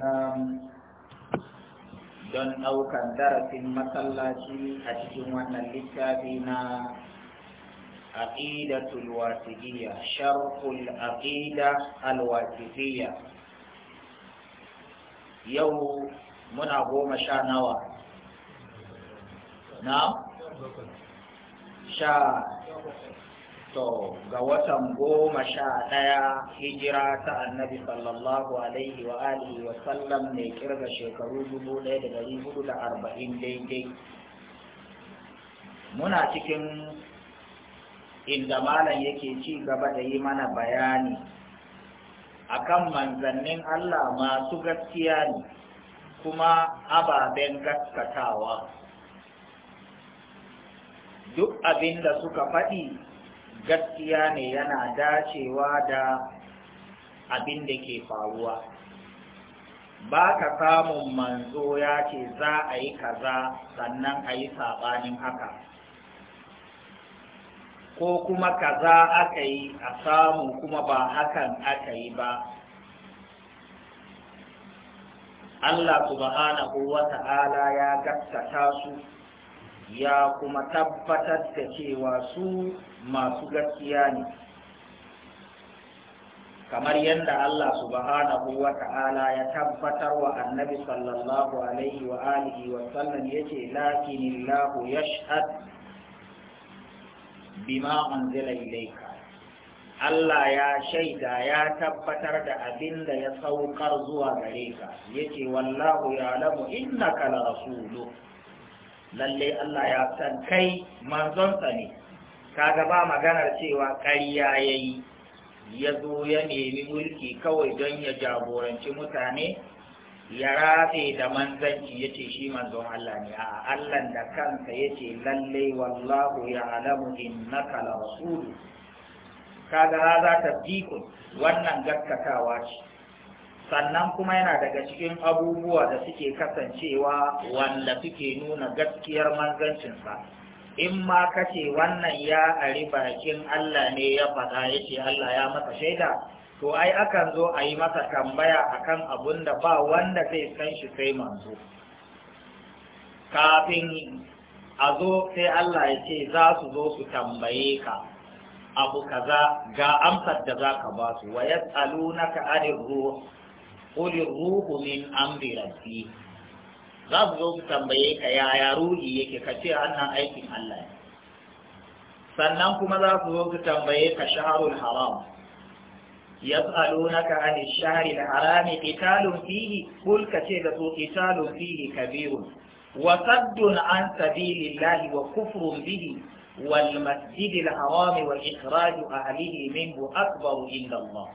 islam don ɗaukar darasin masallaci a cikin wannan littafi na aqidatul wasiliya sharhul aqida yau muna goma sha nawa na sha to ga watan goma sha ɗaya hijira ta annabi sallallahu alaihi wa alihi wa sallam ne kirga shekaru dubu ɗaya da ɗari hudu da arba'in daidai muna cikin inda malam yake ci gaba da yi mana bayani akan manzannin Allah masu gaskiya ne kuma ababen gaskatawa duk abin da suka faɗi gaskiya ne yana dacewa da abin da ke faruwa ba ka samun manzo ya ce za a yi kaza sannan a yi saɓanin haka ko kuma kaza aka yi a samu kuma ba hakan aka yi ba Allah subhanahu wa ta'ala ya gaskata su ya kuma tabbatar da cewa su masu gaskiya ne kamar yadda Allah subhanahu wa ta'ala ya tabbatar wa annabi sallallahu alaihi wa alihi wa sallam yace lakin Allah yashhad bima unzila ilayka Allah ya shaida ya tabbatar da abin da ya saukar zuwa gare ka yace wallahu ya'lamu innaka la rasuluhu lalle Allah ya san kai manzonsa ne kaga ba maganar cewa ƙarya yayi ya zo ya nemi mulki kawai don ya jagoranci mutane ya rafe da manzanci ya ce shi manzon Allah ne a Allah da kansa ya ce lalle wallahu ya alamu innaka la rasulu kaga ta tasdiqun wannan gaskatawa ce sannan kuma yana daga cikin abubuwa da suke kasancewa wanda suke nuna gaskiyar manzancinsa in ma kace wannan ya ari bakin Allah ne ya faɗa yace Allah ya masa shaida to ai akan zo a yi masa tambaya akan abun da ba wanda zai san shi sai manzo kafin a zo sai Allah ya ce za su zo su tambaye ka abu kaza ga amsar da za ka ba su wa yas'alunaka ruh qul ruhu min amri rabbi za su zo su tambaye ka yaya ruhi yake kace ce aikin Allah sannan kuma za su zo su tambaye ka shaharul haram yas'alunaka an ash-shahril haram qitalun fihi qul kace da su qitalun fihi kabirun wa saddun an sabilillahi wa kufrun bihi والمسجد الحرام وإخراج أهله منه أكبر minhu الله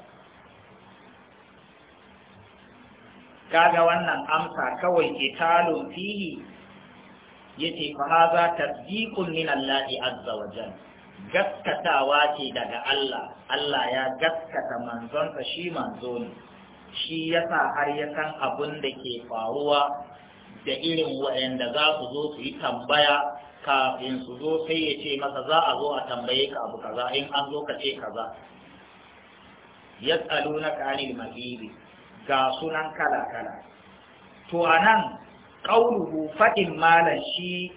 kaga wannan amsa kawai ke kitalun fihi yace fa hadha tasdiqun min Allah azza wa jalla gaskatawa ce daga Allah Allah ya gaskata manzonsa shi manzo ne shi yasa har ya san abin da ke faruwa da irin waɗanda za su zo su yi tambaya kafin su zo sai ya ce masa za a zo a tambaye ka abu kaza in an zo ka ce kaza yas'alunaka anil mahiri ga sunan kala-kala to a nan ƙauluhu faɗin malam shi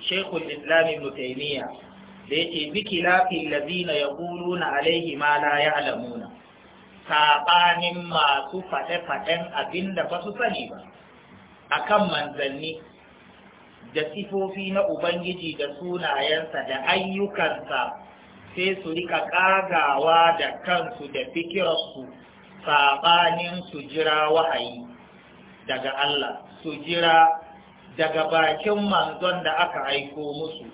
shekul islami mutaimiya da yake biki lafi lazina ya na alaihi ma la ya alamuna saɓanin masu faɗe-faɗen abin da ba su sani ba akan manzanni da sifofi na Ubangiji da sunayensa da ayyukansa sai su rika ƙagawa da kansu da fikirarsu saɓanin su jira wahayi daga Allah su jira daga bakin manzon da aka aiko musu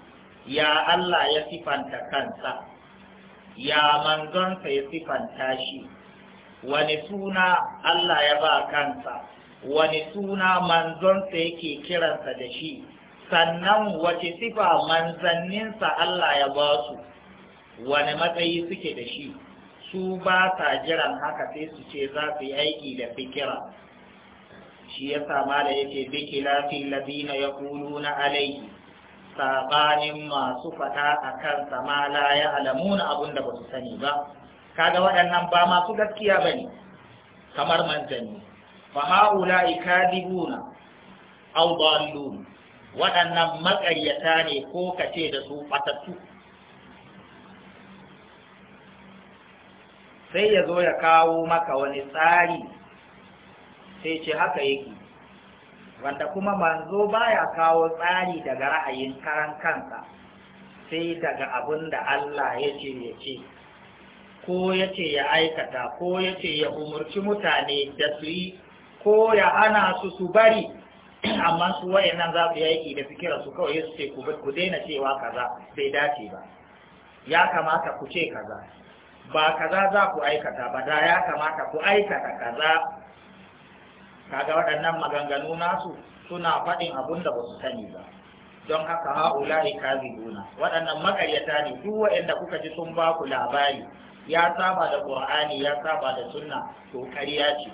ya Allah ya sifanta kansa ya manzonsa ya sifanta shi wani suna Allah ya ba kansa wani suna manzonsa yake kiransa da shi sannan wace sifa manzanninsa Allah ya ba su wani matsayi suke da shi su ba sa jiran haka sai su ce za su yi aiki da fikira shi ya sama da yake biki fi labina ya kulu na alaihi sabanin masu fata a kan sama la ya alamu na abin da ba su sani ba kaga waɗannan ba masu gaskiya ba ne kamar manzanni fa ha'ula ikadibuna aw dallun waɗannan maƙaryata ne ko kace da su fatattu sai ya zo ya kawo maka wani tsari sai ce haka yake wanda kuma manzo baya kawo tsari daga ra'ayin karan kansa sai daga abin da Allah ya ce ya ce ko ya ce ya aikata ko ya ce ya umurci mutane da su yi ko ya ana su su bari amma su nan za su yi da fikira su kawai su ce ku daina cewa kaza bai dace ba ya kamata ku ce kaza ba kaza za ku aikata ba da ya kamata ku aikata kaza kaga waɗannan maganganu nasu suna faɗin abun da ba su sani ba don haka ha'ula'i kazibuna waɗannan makaryata ne duk waɗanda kuka ji sun ba ku labari ya saba da qur'ani ya saba da sunna to ƙarya ce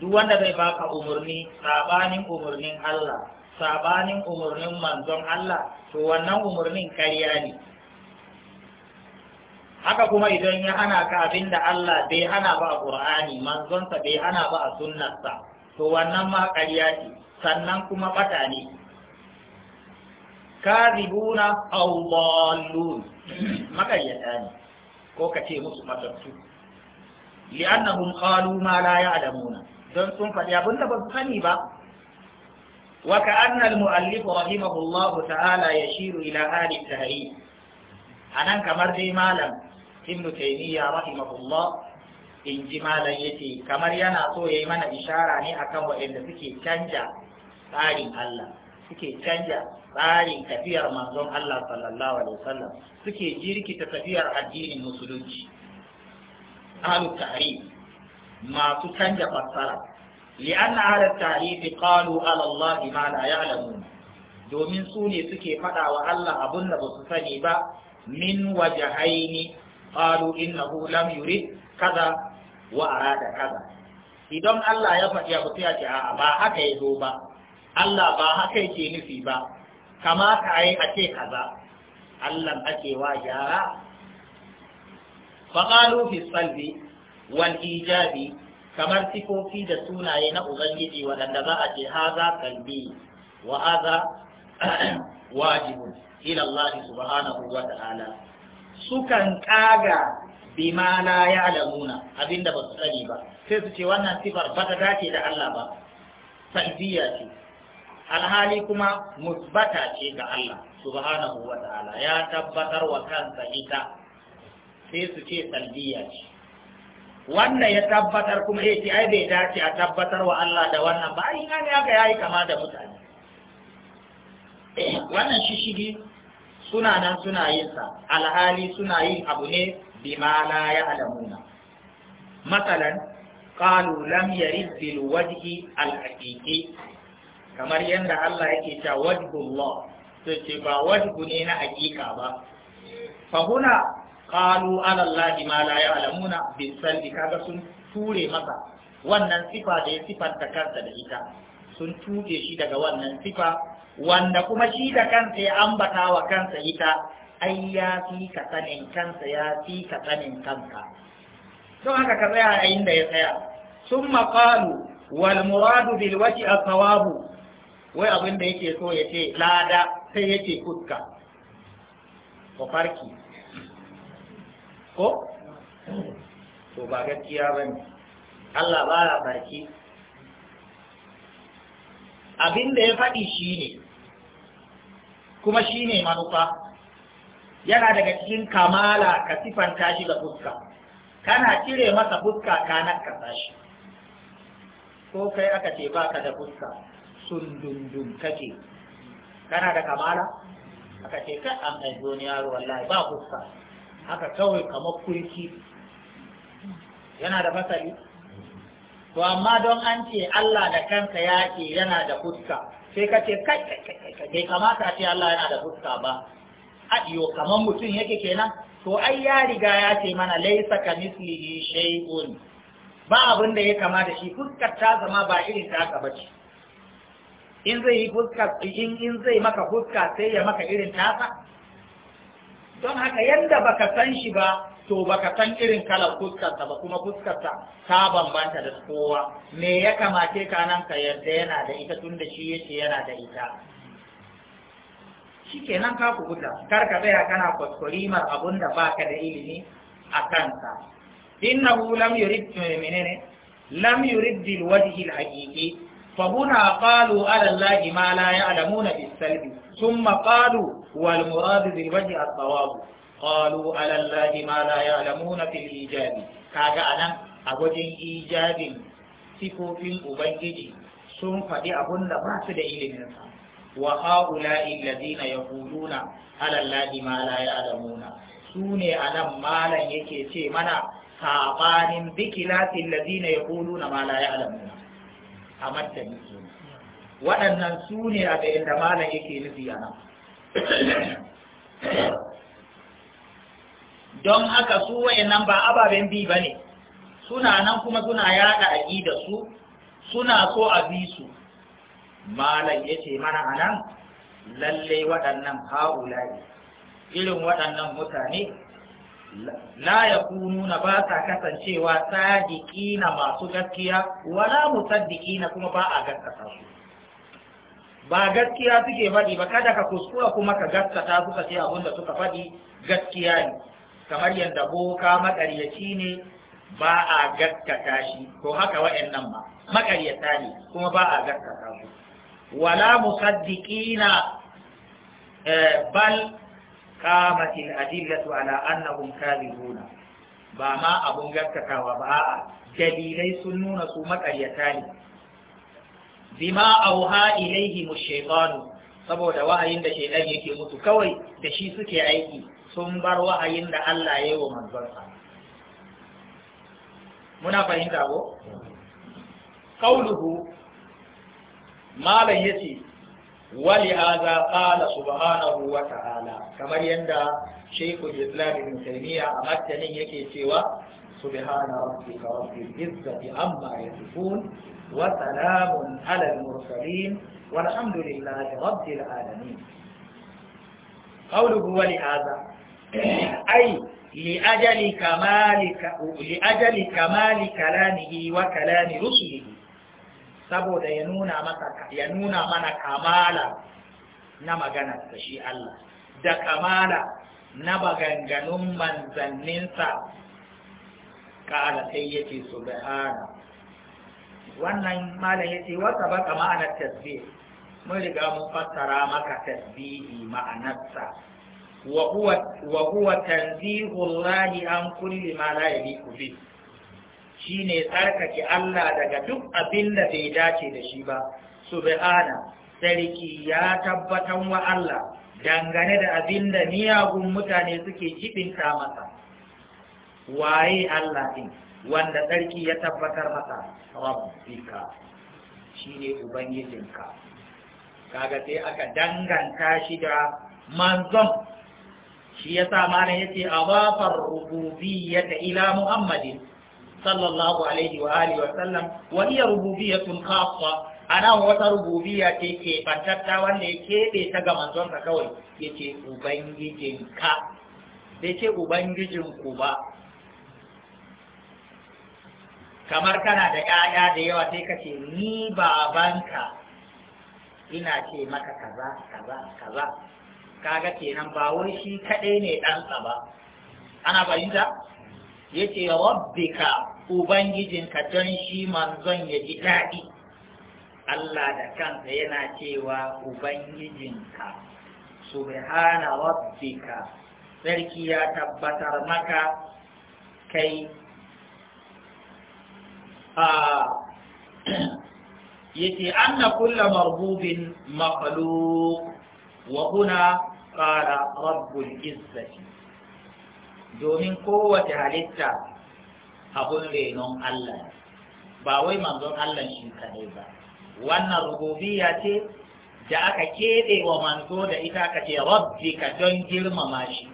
duk wanda zai baka umarni sabanin umarnin Allah sabanin umarnin manzon Allah to wannan umarnin ƙarya ne haka kuma idan ya hana ka abin da Allah bai hana ba a Qur'ani manzonsa bai hana ba a sunnarsa to wannan ma ƙarya ce sannan kuma ɓata ne kadhibuna aw dallun makayyata ne ko ka ce musu matattu li'annahum qalu ma la ya'lamuna don sun faɗi abin da ba su sani ba وكأن المؤلف رحمه الله تعالى يشير إلى آل التهريب أنا kamar dai malam. ibn taimiyya rahimahullah in ji malam kamar yana so yi mana ishara ne akan waɗanda suke canja tsarin Allah suke tafiyar manzon Allah sallallahu alaihi suke jirkita tafiyar addinin musulunci ahlu ta'rif masu canja fassara li'anna ahlu ta'rif qalu ala Allah ma la ya'lamun domin su ne suke faɗawa Allah abun da ba su sani ba min wajahaini qalu innahu lam yurid kaza wa kaza idan Allah ya faɗi abu sai a ce a'a ba haka ya zo ba Allah ba haka yake nufi ba kamata a yi a ce kaza Allah ake wa gyara faƙalu fi salbi wal ijabi kamar sifofi da sunaye na ubangiji waɗanda za a ce haza kalbi wa haza wajibun ila Allah subhanahu wa ta'ala sukan kaga ma la ya'lamuna abinda ba su sani ba sai su ce wannan sifar ba ta dace da Allah ba sa'idiyya ce alhali kuma musbata ce ga Allah subhanahu wa ta'ala ya tabbatar wa kansa ita sai su ce salbiya ce wanda ya tabbatar kuma ya ce ai bai dace a tabbatar wa Allah da wannan ba ai ne aka yayi kama da mutane wannan shishigi suna nan suna yin sa alhali suna yin abu ne bima la ya'lamuna masalan qalu lam yarid bil wajhi al haqiqi kamar yanda Allah yake cewa wajhullah to ce ba wajhu ne na hakika ba fa huna qalu ala Allah ma la ya'lamuna bis salbi kaga sun ture masa wannan sifa da ya sifanta kansa da ita sun tuke shi daga wannan sifa wanda kuma shi da kansa ya ambata wa kansa ita ai ya fi ka sanin kansa ya fi ka sanin kanka don haka ka tsaya a inda ya tsaya sun maƙalu wal muradu bil waji a sawabu wai abin da yake so ya ce lada sai yake fuska ko farki ko to ba gaskiya ba ne Allah ba ya farki abin da ya faɗi shi ne kuma shi ne manufa yana daga cikin kamala ka sifanta shi da fuska kana cire masa fuska ka nakasa shi ko kai aka ce baka da fuska sun dundun kake kana da kamala aka ce kai an haizo ni yaro wallahi ba fuska haka kawai kamar kurki yana da fasali to amma don an ce Allah da kansa ya ce yana da fuska sai ka ce kai bai kamata a ce Allah yana da fuska ba adiyo kamar mutum yake kenan to ai ya riga ya ce mana laisa ka mislihi shay'un ba abin da ya kama da shi fuskar ta zama ba irin ta ka bace in zai yi fuska in in zai maka fuska sai ya maka irin tasa don haka yanda baka san shi ba to baka san irin kalar fuskarta ba kuma fuskarta ta bambanta da kowa me ya kamace ka nan ka yarda yana da ita tun da shi yace yana da ita nan kaku kubuta kar ka tsaya kana kwaskwarimar abun da baka da ilimi a kansa innahu lam yurid menene lam yurid bil wajhi al haqiqi fa huna qalu ala allahi ma la ya'lamuna bis salbi thumma qalu wal murad bil wajhi al qalu ala allahi ma la ya'lamuna fil ijabi kaga anan a gwajin ijabin sifofin ubangiji sun faɗi abun da ba su da ilimin sa wa haula'i alladhina yaquluna ala allahi ma la ya'lamuna sune anan malan yake ce mana sabanin bikilatin alladhina yaquluna ma la ya'lamuna a martani waɗannan su ne a da inda malam yake nufi anan. don haka su nan ba ababen bi ba ne suna nan kuma suna yada da su suna so a bi su malam ya ce mana a nan lallai waɗannan ha'ula'i irin waɗannan mutane la ya na ba sa kasancewa na masu gaskiya wala na kuma ba a gaskata su ba gaskiya suke faɗi ba kada ka kuskura kuma ka gaskata suka ce abin suka faɗi gaskiya ne kamar yadda boka makaryaci ne ba a gaskata shi Ko haka wa'annan ma makaryata ne kuma ba a gaskata su wala musaddiqina eh, bal qamat adillatu ala annahum kadhibuna ba ma abun gaskatawa ba a'a dalilai sun nuna su makaryata ne bima auha ilaihim ash saboda wahayin da shaytan yake musu kawai da shi suke aiki sun bar wa'ayin da Allah ya yi wa manzonsa muna fahimta ko qauluhu malam ce, wali hadha qala subhanahu wa ta'ala kamar yadda shaykhul islam ibn taymiya a matanin yake cewa subhana rabbika rabbil izzati amma yasifun wa salamun ala al mursalin walhamdulillahi rabbil alamin qawluhu wa li hadha ai li li'ajali kamali kalamihi wa kalami rusulihi saboda ya nuna masa ya nuna mana kamala na magana da shi Allah da kamala na maganganun manzanninsa kala sai yake subhana wannan malam yace wa baka ma'anar tasbih mun riga mun fassara maka tasbihi ma'anarsa wa huwa tanzihu an kulli ma la yaliku bi shine tsarkake Allah daga duk abin da bai dace da shi ba subhana sarki ya tabbatan wa Allah dangane da abin da miyagun mutane suke ta masa waye Allah din wanda sarki ya tabbatar masa rabbika shine ubangijinka kaga sai aka danganta shi da manzon shi ya ya sa mana yasa a yace rububiyya ta ila muhammadin sallallahu alaihi wa alihi wa sallam wa sun kafa. A ana wata rububiyya ce ke fantatta wanda ya kebe ta ga manzonsa kawai Ya ce ubangijinka bai ce ubangijinku ba kamar kana da ƴaƴa da yawa sai ka ce ni babanka ina ce maka kaza kaza kaza kaga kenan ba wai shi kaɗai ne ɗansa ba ana fahimta yace rabbika ubangijinka don shi manzon ya ji daɗi Allah da kansa yana cewa ubangijinka subhana rabbika sarki ya tabbatar maka kai a yace anna kulla marbubin makhluq wa huna qala rabbul izzati domin kowace halitta abun renon Allah ba wai manzon Allah shi kadai ba wannan rububiyya ce da aka keɓe wa manzo da ita aka ce rabbika don girmama shi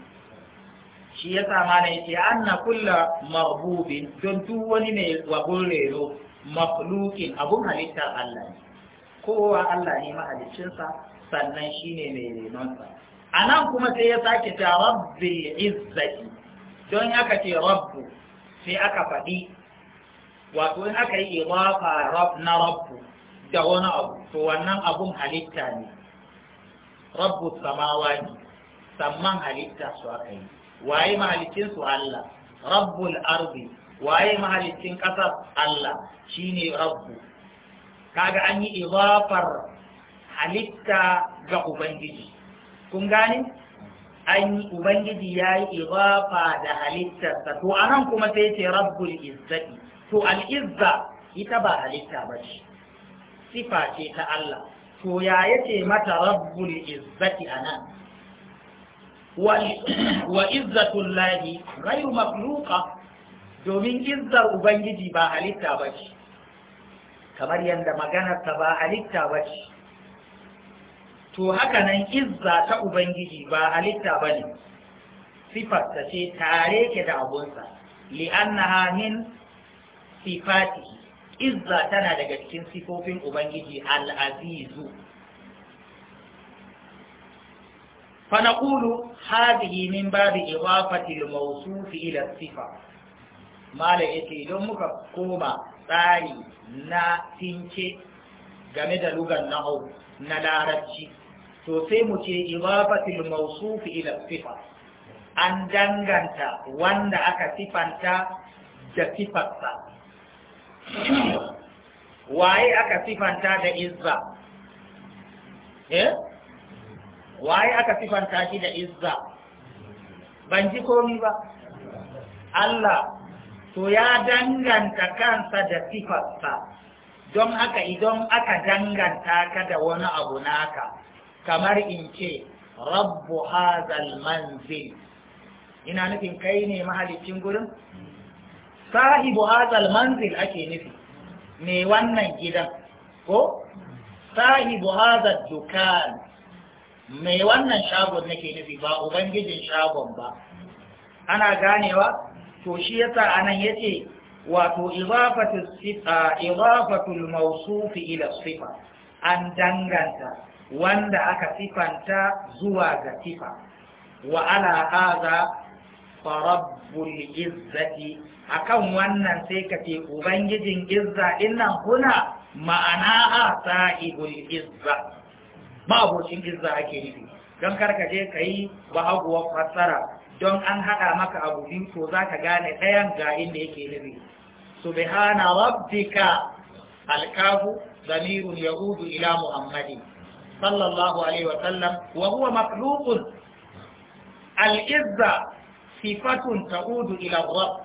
shi ya sama ne ce anna kulla marbubin don duk wani mai wabun rero abun halittar Allah ne kowa Allah ne mahaliccinsa sannan ne mai nemansa a nan kuma sai ya sake ta rabbi izzati don aka ce rabbu sai aka faɗi wato in aka yi idafa na rabbu da wani abu to wannan abun halitta ne rabbu samawa ne samman halitta su aka yi waye mahalicin su Allah rabbul arzi. waye mahalicin ƙasar Allah shine rabbu kaga an yi iwafar. halitta ga ubangiji kun gane an yi ubangiji ya yi ibafa da halittarsa to a nan kuma sai ce rabbul izzati to al'izza ita ba halitta ba ce sifa ce ta Allah to ya yace mata rabbul izzati a nan wa lahi rayu makhluqa domin izzar ubangiji ba halitta ba ce kamar yadda maganarsa ba halitta ba ce to haka nan izza ta ubangiji ba halitta ba ne sifarsa ce tare ke da abunsa na min sifati izza tana daga cikin sifofin ubangiji al'azizu فنقول هذه من باب إضافة الموصوف إلى الصفة ما don muka koma tsari na tinke game da lugar na'au na larabci to sai mu ce ibabatul mawsuf ila sifa an danganta wanda aka sifanta da sifarsa waye aka sifanta da izza eh waye aka sifanta shi da izza ban ji komai ba Allah to ya danganta kansa da sifarsa don haka idan aka danganta ka da wani abu naka kamar in ce rabbu hazal manzil ina nufin kai ne mahalicin gurin sahibu hazal manzil ake nufi me wannan gidan ko sahibu hazal dukan me wannan shagon nake nufi ba ubangijin shagon ba ana ganewa to shi yasa anan yace wato idafatu sifa idafatu al ila sifa an danganta wanda aka sifanta zuwa ga sifa wa ala haza farabbul izzati akan wannan sai ka ce ubangijin izza dinnan kuna ma'ana a sa'ibul izza ba abocin izza ake nufi don karkaje ka yi bahaguwar fassara don an haɗa maka abu biyu to za ka gane ɗayan ga inda yake nufi subhana rabbika alkahu zamirun yahudu ila muhammadin صلى الله عليه وسلم وهو مخلوق العزة صفة تعود إلى الرب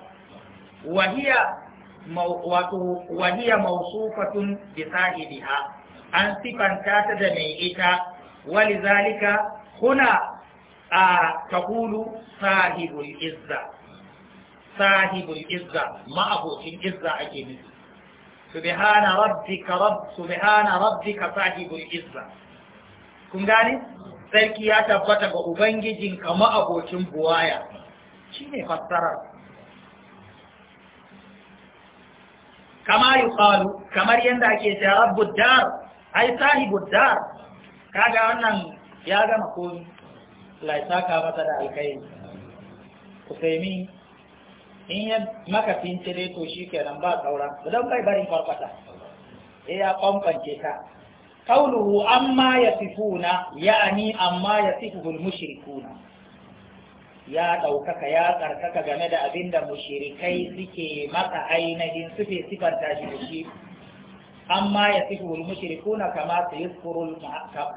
وهي وهي موصوفة بصاحبها أن صفة تتدميئك ولذلك هنا آه تقول صاحب العزة صاحب العزة ما أبو العزة أجنبي سبحان ربك رب سبحان ربك صاحب العزة kun gane sarki ya tabbata ga ubangijin kama abokin buwaya shi ne fassarar kama yi kamar yadda ake jarar buddar ai sahi buddhar kaga wannan ya gama komi laisaka masa da alkai saimi in yi maka fincire to shi kenan ba sauran don bai barin farfata ya kwamfance ta قوله أما يصفون يعني أما يصفه المشركون ya ɗaukaka ya tsarkaka game da abinda mushirikai suke maka ainihin suke sifanta shi da shi amma ya fi hul mushrikuna kama sayaskurul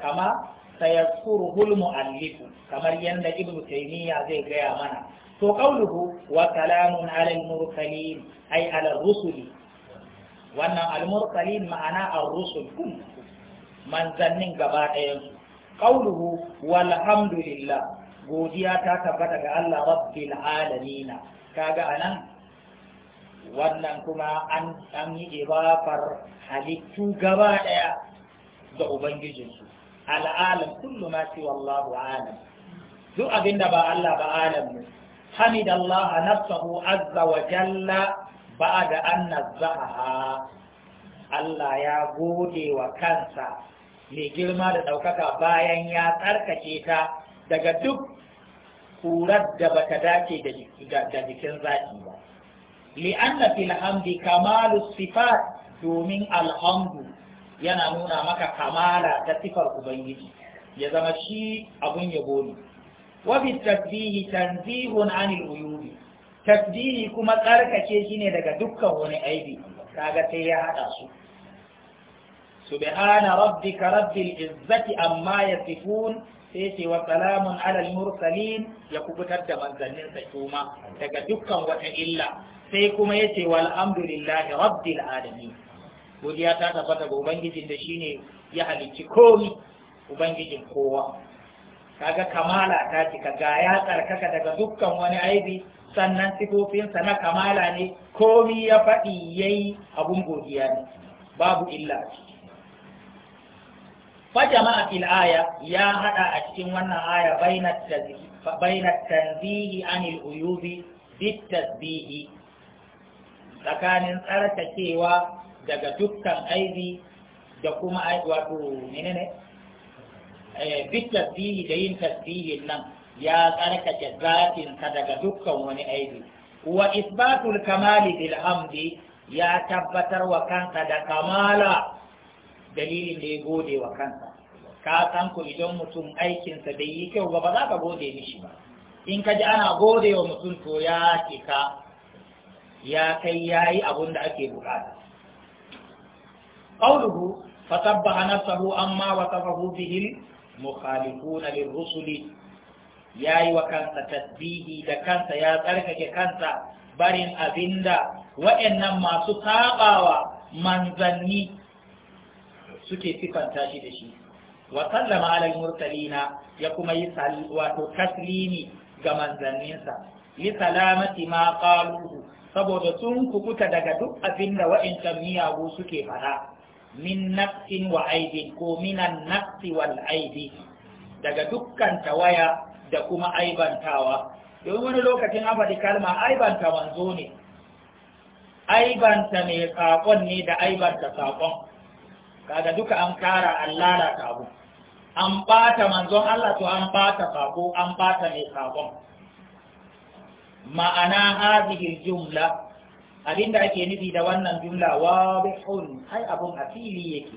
kama sayaskuruhul muallif kamar yanda ibnu taymiya zai gaya mana to qauluhu wa kalamun alal mursalin wannan ma'ana ar manzannin gaba ɗayansu Ƙauluhu, walhamdulillah godiya ta tabbata ga Allah rabbil alamin kaga anan wannan kuma an an yi ibafar halittu gaba ɗaya ga ubangijinsu al'alam kullu ma fi wallahu alam duk abinda ba Allah ba alam ne hamidallah nafsahu azza wa jalla ba'da an nazzaha Allah ya gode wa kansa mai girma da ɗaukaka bayan ya tsarkake ta daga duk ƙurar da bata dace da jikin zaƙi ba li'anna fil hamdi kamalu sifat domin alhamdu yana nuna maka kamala ta sifar ubangiji ya zama shi abun yabo ne wa tasbihi tanzihun anil uyubi tasbihi kuma tsarkake shi ne daga dukkan wani aibi kaga sai ya hada su subhana rabbika rabbil izzati amma yasifun sai ce salamun alal mursalin ya kubutar da manzannin sa kuma daga dukkan wata illa sai kuma yace wal amdulillahi rabbil alamin godiya ta tabbata ga ubangijin da shine ya halicci komi ubangijin kowa kaga kamala ta cika ga ya tsarkaka daga dukkan wani aibi sannan sifofinsa na kamala ne komi ya faɗi yayi abun godiya babu illa fajama fil aya ya hada a cikin wannan aya bainat tanzihi anil uyubi bit tasbihi daga dukkan aibi da kuma wato menene eh, bit tasbihi da yin tasbihin nan ya tsarkake zatinsa daga dukkan wani aibi wa isbatul kamali bil hamdi ya tabbatar wa kansa da kamala dalilin da ya gode wa kansa ka san ku idan mutum aikinsa bai yi kyau ba ba za ka gode mishi ba in ka ji ana gode wa mutum to ya ka ya kai ya yi abin da ake bukata qauluhu fasabbaha nafsahu amma na bihi mukhalifuna ya yayi wa kansa tasbihi da kansa ya tsarkake kansa barin abinda wa'annan masu tabawa manzanni suke sifanta shi da shi wa sallama alal mursalina ya kuma yi wato taslimi ga manzanninsa li salamati ma qalu saboda sun kukuta daga duk abin da miyagu suke fara min nafsin wa aidi ko minan nafsi wal aidi daga dukkan tawaya da kuma aibantawa don wani lokacin an faɗi kalma aibanta manzo ne aibanta mai saƙon ne da aibanta saƙon kaga duka an kara an lalata abu an bata manzon Allah to an bata sako an bata mai sakon ma'ana hadhihi jumla abinda ake nufi da wannan jumla wa wadihun ai abun a yake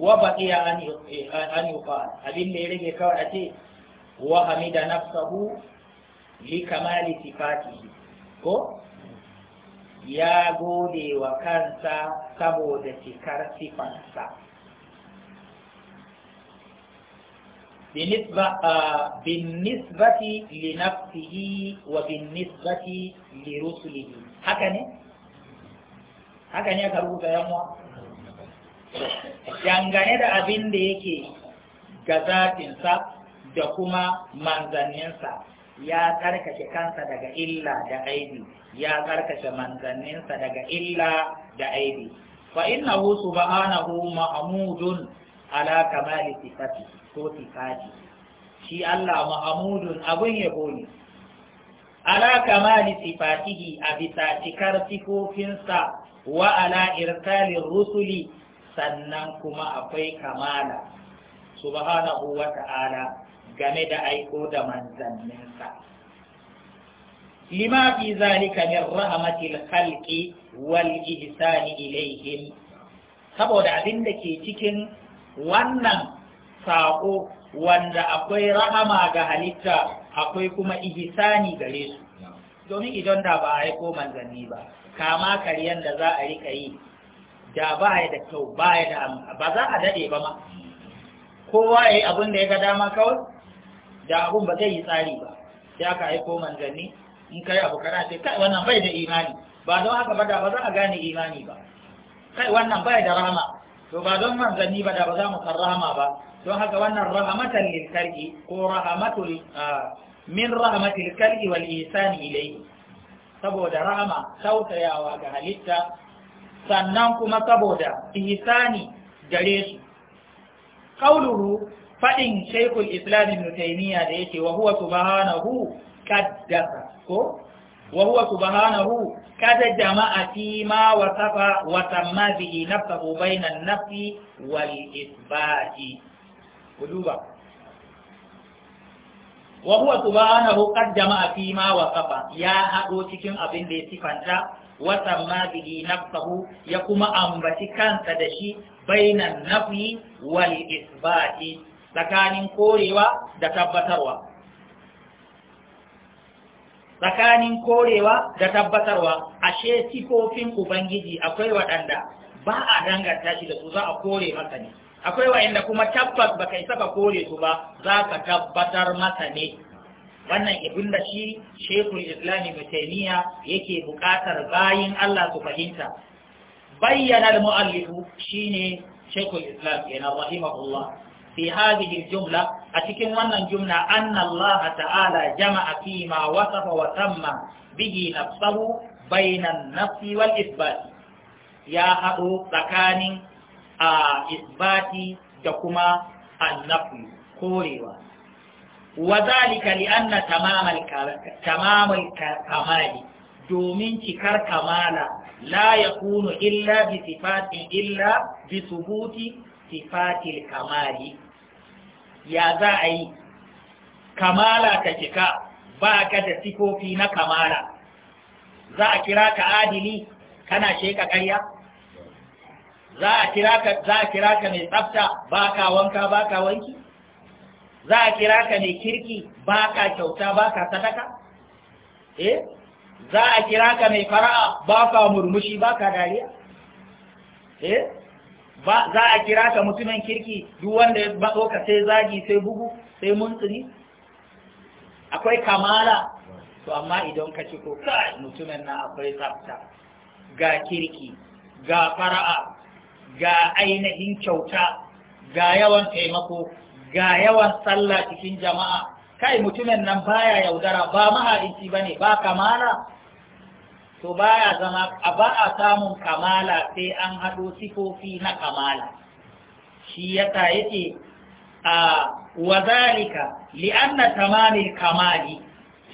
wa baqiya an an yuqal abin ya rage kawai a ce wa hamida nafsahu li kamali sifatihi ko ya gode wa kansa saboda cikar sifansa nisbati li nafsihi wa nisbati li rusulihi haka ne haka ne aka rubuta yamma? dangane da abin da yake ga zatinsa da kuma manzanninsa ya karkashe kansa daga illa da aibi ya karkashe manzanninsa daga illa da aibi fa innahu subhanahu ma'mudun ala kamali sifati ko sifati shi Allah ma'mudun abun yabo ne ala kamali sifatihi a bisa cikar sifofinsa wa ala irsalin rusuli sannan kuma akwai kamala subhanahu wa ta'ala game da aiko da manzanninsa lima fi zalika min rahmatil khalqi wal ihsani ilayhim saboda abin da ke cikin wannan saƙo wanda akwai rahama ga halitta akwai kuma ihsani gare su domin idan da ba a aiko manzanni ba kama karyan da za a rika yi da ba ya da kyau ba ya da ba za a daɗe ba ma kowa ya yi abin da ya ga dama kawai da abun ba zai yi tsari ba sai aka aiko manzanni in kai abu kana ce kai wannan bai da imani ba don haka ba da ba za a gane imani ba kai wannan bai da rahama to ba don manzanni ba da ba za mu san rahama ba don haka wannan rahamatan lil kalbi ko rahamatul min rahmatil kalbi wal ihsani ilayhi saboda rahama tausayawa ga halitta sannan kuma saboda ihsani gare su qauluhu faɗin shaikul islam ibn taymiya da yake wa huwa subhanahu qaddasa ko wa huwa subhanahu kada jama'a fi ma wasafa wa tamma bihi nafsuhu bayna an-nafsi wal isbahi kuduba wa huwa subhanahu qad jama'a fi ma wasafa ya hado cikin abin da ya sifanta wa tamma bihi nafsuhu ya kuma ambaci kansa da shi bainan nafi wal isbahi tsakanin korewa da tabbatarwa tsakanin korewa da tabbatarwa ashe sifofin ubangiji akwai waɗanda ba a danganta shi da su za a kore masa ne akwai waɗanda kuma tabbas ba kai saka kore su ba za ka tabbatar masa ne wannan ibin da shi shekul islami mutaniya yake buƙatar bayin allah su fahimta bayyanar mu'allifu muallifu shine shekul islam yana rahimahullah fi hadhihi jumla a cikin wannan jumla anna Allah ta'ala jama'a fi ma wasafa wa tamma bihi nafsahu bainan nafsi wal isbat ya haɗo tsakanin a isbati da kuma annafi korewa wa li'anna li anna kamali domin cikar kamala la yakunu illa bi sifatin illa bi subuti sifatil kamali ya za a yi kamala ka cika ba ka da sifofi na kamala za a kira ka adili kana sheka ƙarya? za a kira ka za a kira ka mai tsafta ba ka wanka ba ka wanki za a kira ka mai kirki ba ka kyauta ba ka sadaka eh za a kira ka mai fara'a ba ka murmushi ba ka dariya eh ba za a kira ka mutumin kirki duk wanda ya matso ka sai zagi sai bugu sai muntsini akwai kamala to amma idan ka ci ko kai mutumin na akwai tsafta ga kirki ga fara'a ga ainihin kyauta ga yawan taimako ga yawan sallah cikin jama'a kai mutumin nan baya yaudara ba mahalici bane ba kamala to baya zama a ba a samun kamala sai an haɗo sifofi na kamala shi yasa yake a wazalika li'anna tamamil kamali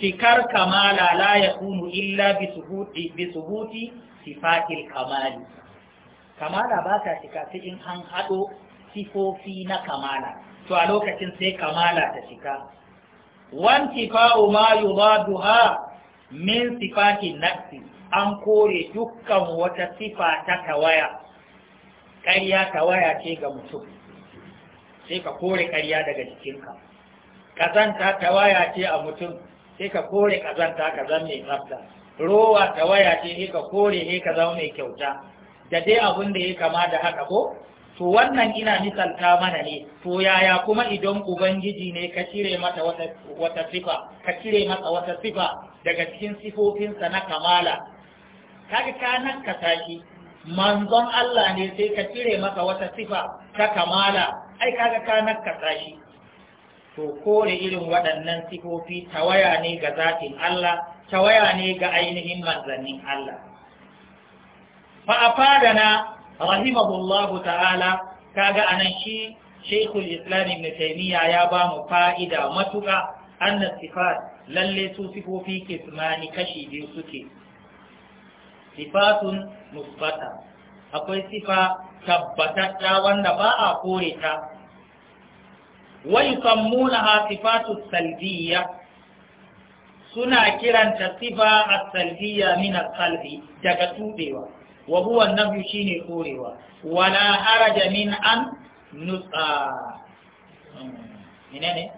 cikar kamala la yakunu illa bi subuti huti Sifakil kamali kamala ba ta cika sai in an haɗo sifofi na kamala to a lokacin sai kamala ta cika wanti fa'o ma ba ha min sifatin nafsi an kore dukkan wata sifa ta tawaya ƙarya tawaya ce ga mutum sai ka kore ƙarya daga jikinka ƙazanta tawaya ce a mutum sai ka kore ƙazanta ka zan mai tsafta rowa tawaya ce sai ka kore sai ka zama mai kyauta da dai abin da ya kama da haka ko to wannan ina misalta mana ne to yaya kuma idan ubangiji ne ka cire mata wata sifa ka cire masa wata sifa daga cikin sifofinsa na kamala kaga ka nakasa shi manzon Allah ne sai ka cire maka wata sifa ta kamala ai kaga ka nakasa shi to kore irin waɗannan sifofi tawaya ne ga zatin Allah tawaya ne ga ainihin manzannin Allah fa afadana rahimahullahu ta'ala kaga anan shi Sheikhul Islam Ibn Taymiyyah ya ba mu fa'ida matuƙa annas sifat lalle su sifofi kismani kashi biyu suke sifatun musbata akwai sifa tabbatatta wanda ba a kore ta wa ha sifatu salbiyya suna kiranta sifa as-salbiyya min as-salbi daga tubewa wa huwa nabyu shine korewa wala haraja min an nusa menene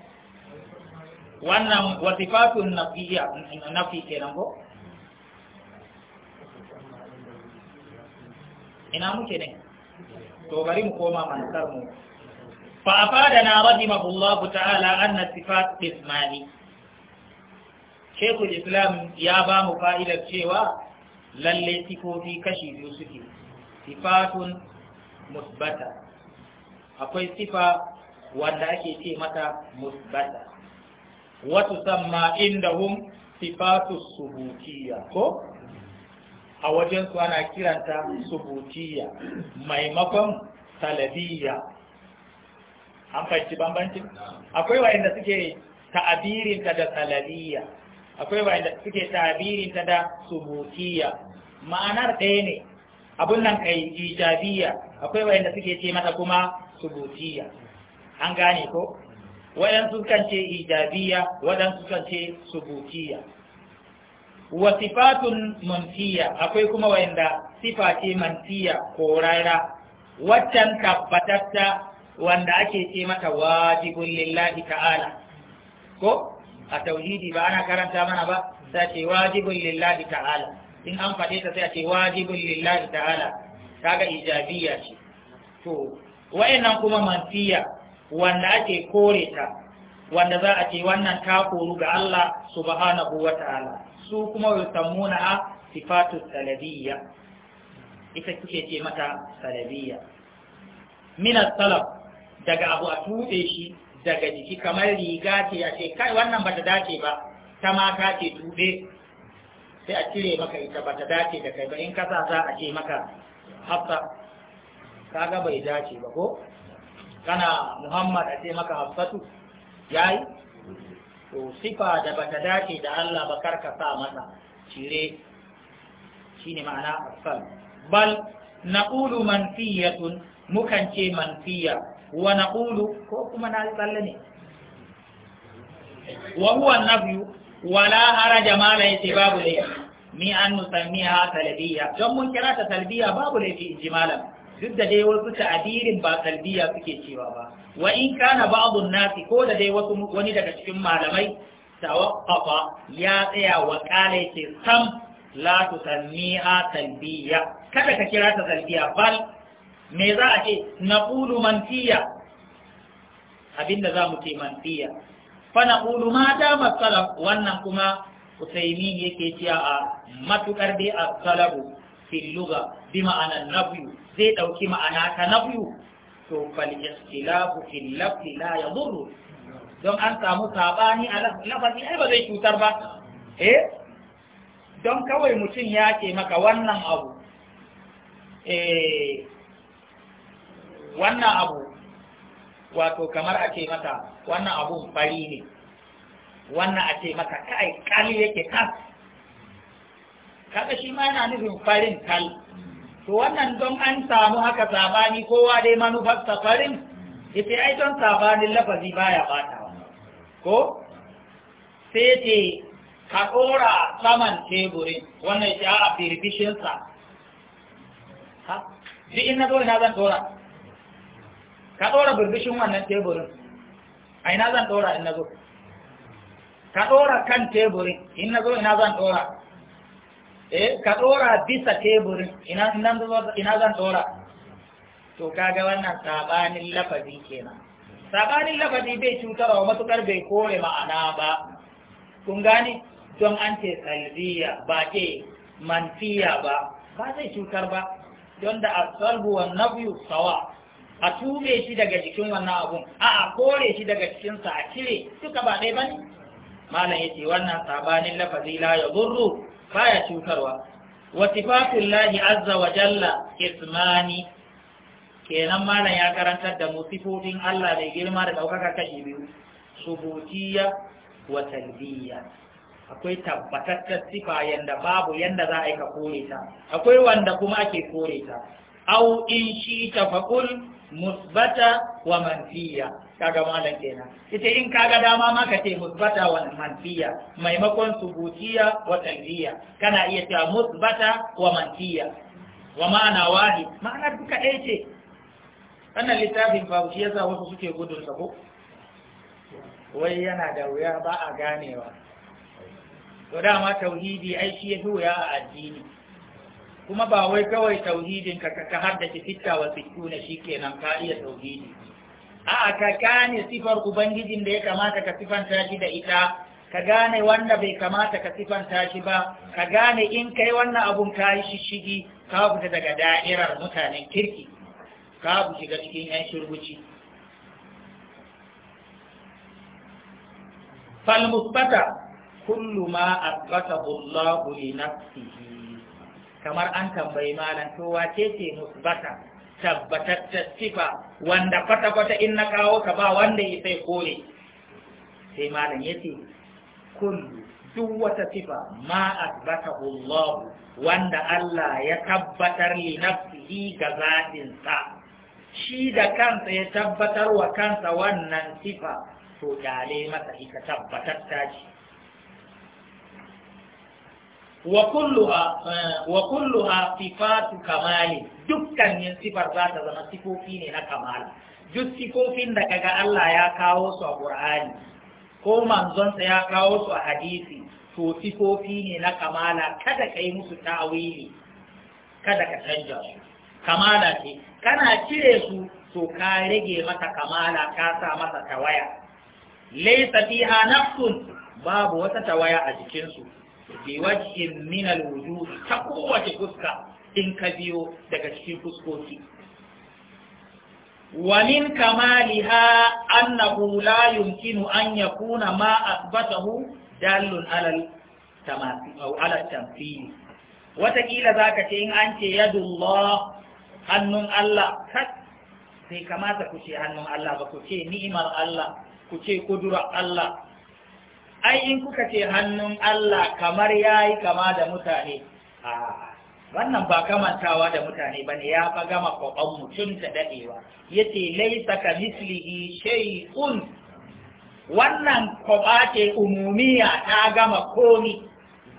wannan wa sifatun nafiyya nafi nan ko ina muke ne to bari mu koma mansar mu fa ma Allah ta'ala anna sifat ismani Shekul Islam ya ba mu fa'idar cewa lalle sifofi kashi biyu suke sifatun musbata akwai sifa wanda ake ce mata musbata wasu samma indahum sifatu subutiyya ko a wajensu ana kiranta subutiya maimakon salabiya an fahimci bambanci akwai wa'inda suke ta'abirinta da salabiya akwai wa'inda suke ta'abirinta da subutiya ma'anar ɗaya ne abun nan kai ijabiya akwai wa'inda suke ce mata kuma subutiya an gane ko waɗansu kan ce ijabiya waɗansu kan ce subutiya wa sifatun manfiya akwai kuma wanda sifa ce manfiya ko raira waccan tabbatatta wanda ake ce mata wajibun lillahi ta'ala ko a tauhidi ba ana karanta mana ba sai ce wajibun lillahi ta'ala in an faɗe ta sai a ce wajibun lillahi ta'ala kaga ijabiyya ce to wayannan kuma manfiya wanda ake kore ta wanda za a ce wannan ta koru ga Allah subhanahu wa ta'ala su kuma yusammuna a sifatu salabiyya ita kike ce mata salabiyya min salaf daga abu a tuɗe shi daga jiki kamar riga ce a ce kai wannan bata dace ba ta mata ce tuɗe sai a cire maka ita bata dace da kai ba in kasa za a ce maka hafsa kaga bai dace ba ko kana muhammad a ce maka hafsatu yayi to sifa da bata dace da Allah ba karka sa masa cire shine ma'ana asal bal naqulu manfiyatun mukan ce manfiya wa naqulu ko kuma na tsalle ne wa huwa nafyu wala haraja ma la babu ne mi an nusammiha talbiya don mun kira ta talbiya babu laifi ijmalan duk da dai wasu ta'adirin ba kalbiya suke cewa ba wa in kana ba'dun nasi ko da dai wasu wani daga cikin malamai tawaqqafa ya tsaya wa kala yace sam la tusammiha talbiya kada ka kira ta talbiya bal me za a ce naqulu mantiya abinda za mu ce mantiya fa naqulu ma dama salaf wannan kuma Usaimi yake cewa a matukar dai as-salabu fil lugha bi ma'ana nafyu zai ɗauki ma'ana ta na biyu. to fal'istilafu fil lafi la ya zurru don an samu saɓani a lafazi ai ba zai cutar ba eh don kawai mutum ya ce maka wannan abu eh wannan abu wato kamar a mata wannan abun fari ne wannan a mata kai kali yake kas kaga shi ma yana nufin farin kal to wannan don an samu haka sabani kowa dai manufar safarin ita ai don sabanin lafazi baya bata ko sai ce ka ɗora saman teburin wannan shi a sa ha duk ina zo na zan ɗora ka ɗora birbishin wannan teburin a ina zan ɗora ina zo ka ɗora kan teburin ina zo ina zan ɗora eh ka dora bisa teburin ina nan ina zan dora to kaga wannan sabanin lafazi kenan sabanin lafazi bai a matukar bai kore ma'ana ba kun gane don an ce salbiya ba ke manfiya ba ba zai cutar ba don da asalbu wa nabiyu sawa a tube shi daga jikin wannan abun a a kore shi daga cikinsa a cire duka ba ɗaya ba ne malam ya ce wannan sabanin lafazi la ya baya cutarwa wa sifatul lahi azza wa jalla ismani kenan malam ya karantar da mu Allah mai girma da daukaka kashi biyu subutiyya wa talbiyya akwai tabbatattar sifa yanda babu yanda za a yi ka kore ta akwai wanda kuma ake kore ta au in shi tafaqul musbata wa manfiya kaga malam kenan ita in kaga dama ma ka ce musbata wa manfiya maimakon subutiya wa tanziya kana iya cewa musbata wa manfiya wa ma'ana wahid ma'ana duka ɗaya ce wannan littafin babu shi yasa wasu suke gudun sa ko wai yana da wuya ba a ganewa to dama tauhidi ai shi yafi wuya a addini kuma ba wai kawai tauhidin ka ka haddace fitta wa sittu na shikenan ka iya tauhidi a ka gane sifar ubangijin da ya kamata ka sifanta shi da ita ka gane wanda bai kamata ka sifanta shi ba ka gane in kai wannan abun ka yi shishigi ka fita daga da'irar mutanen kirki ka shiga cikin yan shirguci falmusbata kullu ma asbatahu Allah kamar an tambayi malam to wace ce musbata tabbatattar sifa wanda kwata-kwata in na kawo ka ba wanda ya sai kore sai malam ya ce kullu duk wata sifa ma asbatahu Allah wanda Allah ya tabbatar li nafsihi ga zaɗinsa shi da kansa ya tabbatar wa kansa wannan sifa to dale masa ita tabbatar ta ce Eh, wa kulluha sifatu kamali yin sifar za ta zama sifofi ne na kamala duk sifofin da kaga Allah ya kawo su a Qur'ani ko manzonsa ya kawo su a hadisi to sifofi ne na kamala kada ka yi musu ta'awili kada ka canja su kamala ce kana cire su to ka rage mata kamala ka sa mata tawaya laysa fiha nafsun babu wata tawaya a jikinsu fi wajen minal wuju ta kowace fuska in ka biyo daga cikin fuskoki. Wamin kamaliha annahu la yumkinu an yakuna ma asbatahu dallun alal tamasi aw alal tamthili. zaka ce in an ce yadullah hannun Allah kat sai kamata ku ce hannun Allah ba ku ce ni'mar Allah ku ce kudura Allah ai in kuka ce hannun Allah kamar ya yi kama da mutane wannan ba kamantawa da mutane ba ne ya fa gama kwaɓan mutum ta daɗewa ya ce laisa ka mislihi shay'un wannan kwaɓa ce umumiya ta gama komi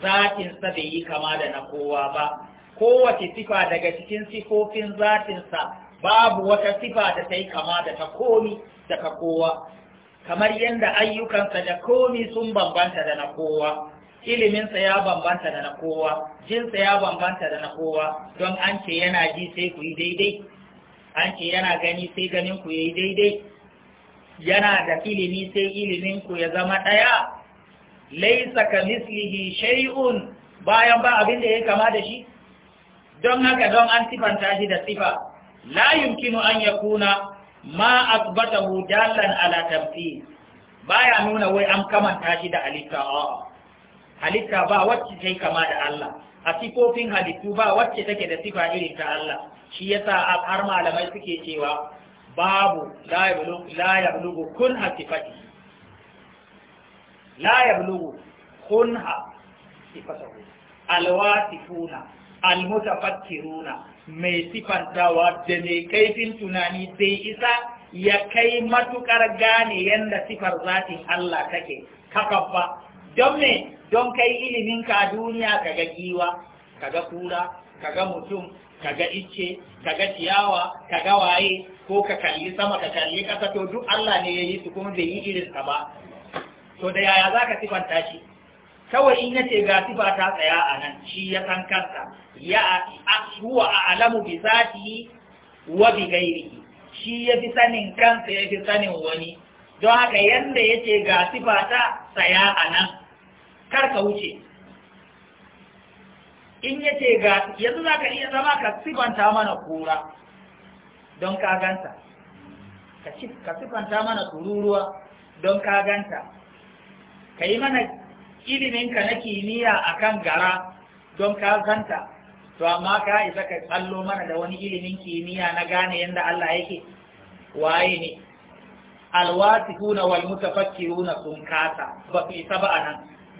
zatinsa bai yi kama da na kowa ba kowace sifa daga cikin sifofin zatinsa babu wata sifa da ta yi kama da ta komi daga kowa kamar yadda ayyukansa da komi sun bambanta da na kowa iliminsa ya bambanta da na kowa jinsa ya bambanta da na kowa don an ce yana ji sai ku yi daidai an ce yana gani sai ganin ku yi daidai yana da ilimi sai ilimin ku ya zama ɗaya laisa ka mislihi shay'un bayan ba abin da ya kama da shi don haka don an sifanta shi da sifa la yumkinu an yakuna ma asbatahu dallan ala tamthil baya nuna wai an kamanta shi da halitta a halitta ba wacce take kama da Allah a sifofin halittu ba wacce take da sifa irin ta Allah shi yasa har malamai suke cewa babu la yablugu la yablugu kun sifati la yablugu kun ha? hasifati alwasifuna almutafakkiruna mai sifantawa da mai kaifin tunani sai isa ya kai matukar gane yadda sifar zatin Allah take kakabba don me don kai ilimin ka duniya kaga giwa kaga kura kaga mutum kaga icce kaga ciyawa kaga waye ko ka kalli sama ka kalli ƙasa to duk Allah ne ya yi su kuma bai yi irin ka ba to da yaya zaka sifanta shi kawai in yace ga sifa ta tsaya a nan shi ya san kansa ya huwa a'lamu bi zatihi wa bi ghairihi shi ya fi sanin kansa ya fi sanin wani don haka yanda yace ga sifa ta tsaya a nan kar ka wuce in yace ga yanzu za ka iya zama ka sifanta mana kura don ka ganta ka sifanta mana tururuwa don ka ganta ka yi mana ka na kimiyya akan gara don ka zanta to amma ka isa ka tsallo mana da wani ilimin kimiyya na gane yadda Allah yake waye ne alwasifuna wal mutafakkiruna sun kasa ba su isa ba anan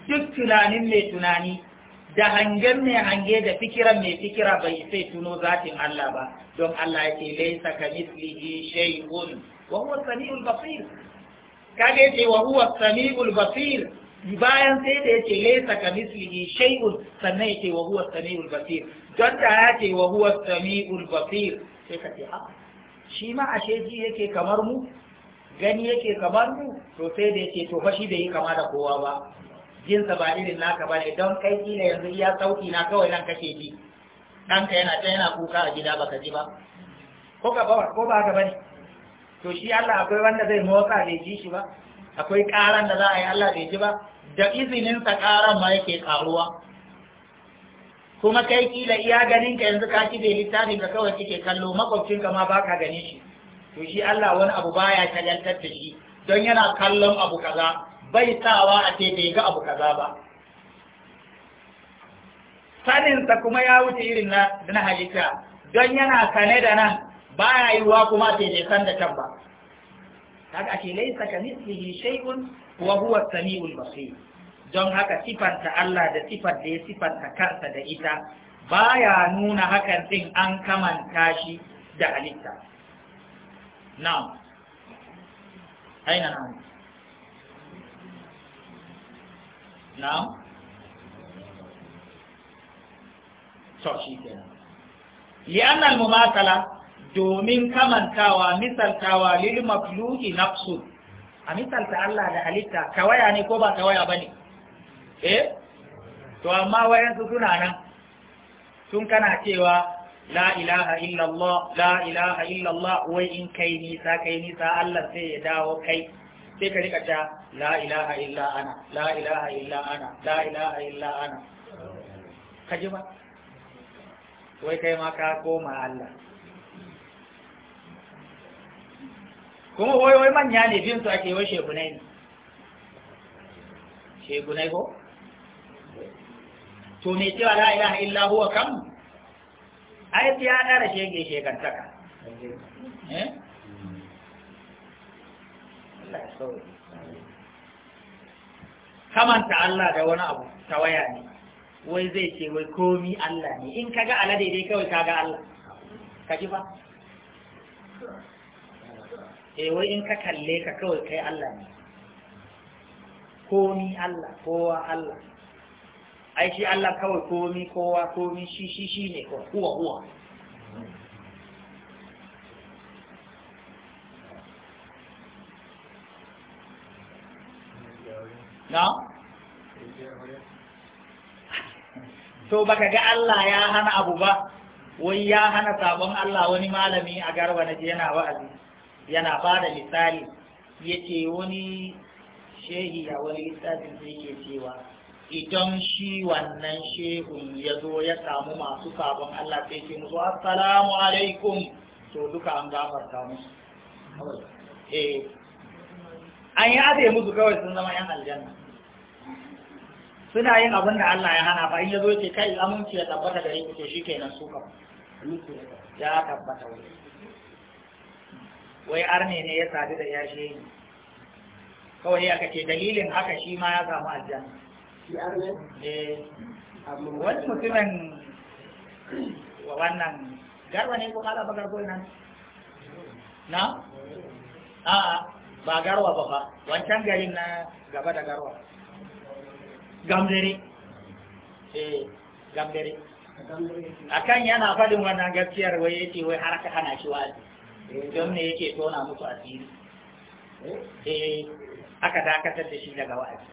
duk tunanin mai tunani da hangen mai hange da fikiran mai fikira bai sai tuno zatin Allah ba don Allah yake laisa ka mislihi shay'un wa huwa samiul basir kage ce wa huwa samiul basir bayan sai da yace laysa kamislihi shay'un sannan yace wa huwa samiul basir don da ce wa huwa samiul basir sai ka ce a shi ma a sheji yake kamar mu gani yake kamar mu to sai da yace to fa shi bai yi kama da kowa ba sa ba irin naka bane don kai kila yanzu iya sauki na kawai nan kake ji ɗanka yana ta yana kuka a gida baka ji ba ko ka ba ko ba ka bane to shi Allah akwai wanda zai motsa bai ji shi ba akwai ƙaran da za a yi Allah bai ji ba da izinin sa ƙaran ma yake ƙaruwa kuma kai kila iya ganin ka yanzu ka kibe littafin ka kawai kike kallo makwabcin ka ma baka gani shi to shi Allah wani abu baya shagaltar da shi don yana kallon abu kaza bai sawa a ce bai ga abu kaza ba saninsa kuma ya wuce irin na halitta don yana kane da nan baya yiwuwa kuma bai san da can ba kaga ake laisa ka mislihi shay'un wa huwa sami'ul don haka sifanta Allah da sifar da ya sifanta kansa da ita baya nuna hakan din an kamanta shi da halitta na'am aina na'am na'am to kenan al-mumathala domin kamantawa misaltawa lil makluki nafsu a misalta Allah da halitta tawaya ne ko ba tawaya ba ne eh to amma wayansu suna nan sun kana cewa la ilaha illallah la ilaha illallah wai in kai nisa kai nisa Allah sai ya dawo kai sai ka rika ta la ilaha illa ana la ilaha illa ana la ilaha illa ana ka ji ba wai kai ma ka koma Allah kuma wai wai manya ne bin su ake wai shegunai ne shegunai ko to me cewa la ilaha illa huwa kam ai ya dara shege shegantaka eh Allah kamanta Allah da wani abu ta waya ne wai zai ce wai komi Allah ne in kaga ala daidai kawai kaga Allah ka ji ba eh wai in ka kalle ka kawai kai Allah ne komi Allah kowa Allah ai shi Allah kawai komi kowa komi shi shi shi ne huwa huwa na? to baka ga Allah ya hana abu ba wai ya hana sabon Allah wani malami a garba na je yana wa'azi yana ba da misali ya ce wani shehi a wani littafin da yake cewa idan shi wannan shehu ya zo ya samu masu sabon Allah sai ke musu assalamu alaikum to duka an gafarta musu eh an yi ade musu kawai sun zama yan aljanna suna yin abin da Allah ya hana ba in ya zo ce kai aminci ya tabbata da ku ke shikenan su kam ya tabbata wani wai arne ne ya sadu da ya shehi kawai aka ce dalilin haka shi ma ya samu aljanna eh. wani mutumin wannan garba ne ko kala ba garbo nan na a'a ba garwa ba ba wancan garin na gaba da garwa gamdare eh gamdare akan yana faɗin wannan gaskiyar wai ce wai har ka hana shi wa'azi Eh, don ne yake tona musu asiri eh, eh aka dakatar da shi daga wa'azi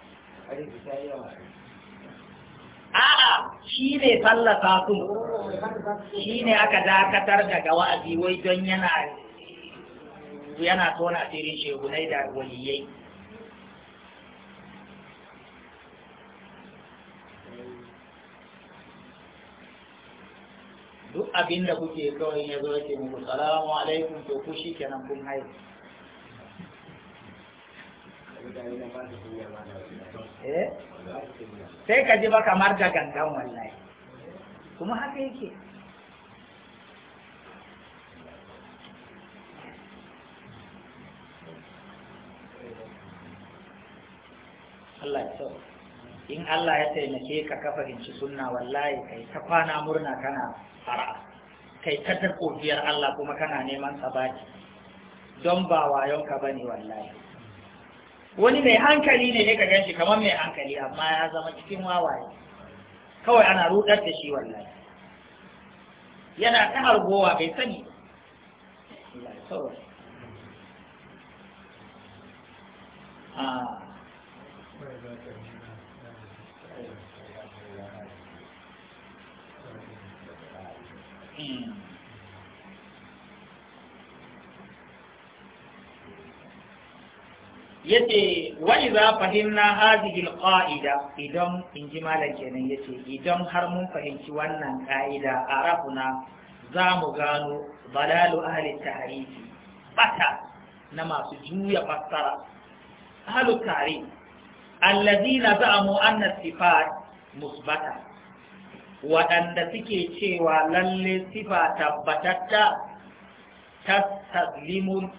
a'a shi ne fallasa su shi ne aka dakatar daga wa'azi wai don yana yana tona asirin shegunai da waliyai duk abin da kuke kawai ya zo yake muku salamu alaikum to ku shi kenan kun haihu eh? sai ka ji ba kamar da gangan wallahi kuma haka yake Allah ya in Allah ya taimake ka ka fahimci sunna wallahi kai ta kwana murna kana fara'a kai ta tarkofiyar Allah kuma kana neman sabaki don ba wayonka ba ne wallahi wani mai hankali ne ne ka gan shi kamar mai hankali amma ya zama cikin wawaye kawai ana rudar da shi wallahi yana ta hargowa bai sani Ah. yace wa idza fahimna hadhihi alqa'ida idan in ji malam kenan yace idan har mun fahimci wannan ka'ida arafuna za mu gano balalu ahli tahrifi bata na masu juya fassara ahli tahrif za za'amu anna sifat musbata waɗanda suke cewa lalle sifa tabbatatta ta taslimun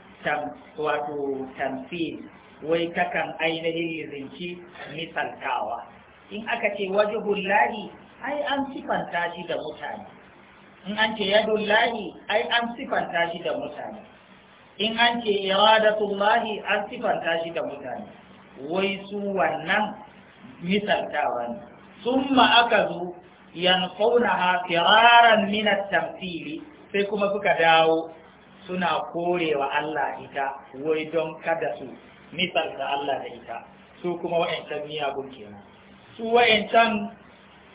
wato tamfil wai takan ainihin lizinci misaltawa in aka ce waje lahi ai an sifanta shi da mutane in an ce yadun lahi ai an sifanta shi da mutane in an ce iradatun lahi an sifanta shi da mutane wai su wannan misaltawa ne sun aka zo yanfaunaha firaran min at-tamthili sai kuma suka dawo suna korewa Allah ita wai don kada su da Allah da ita su kuma wa'ancan miyagun kenan su wa'ancan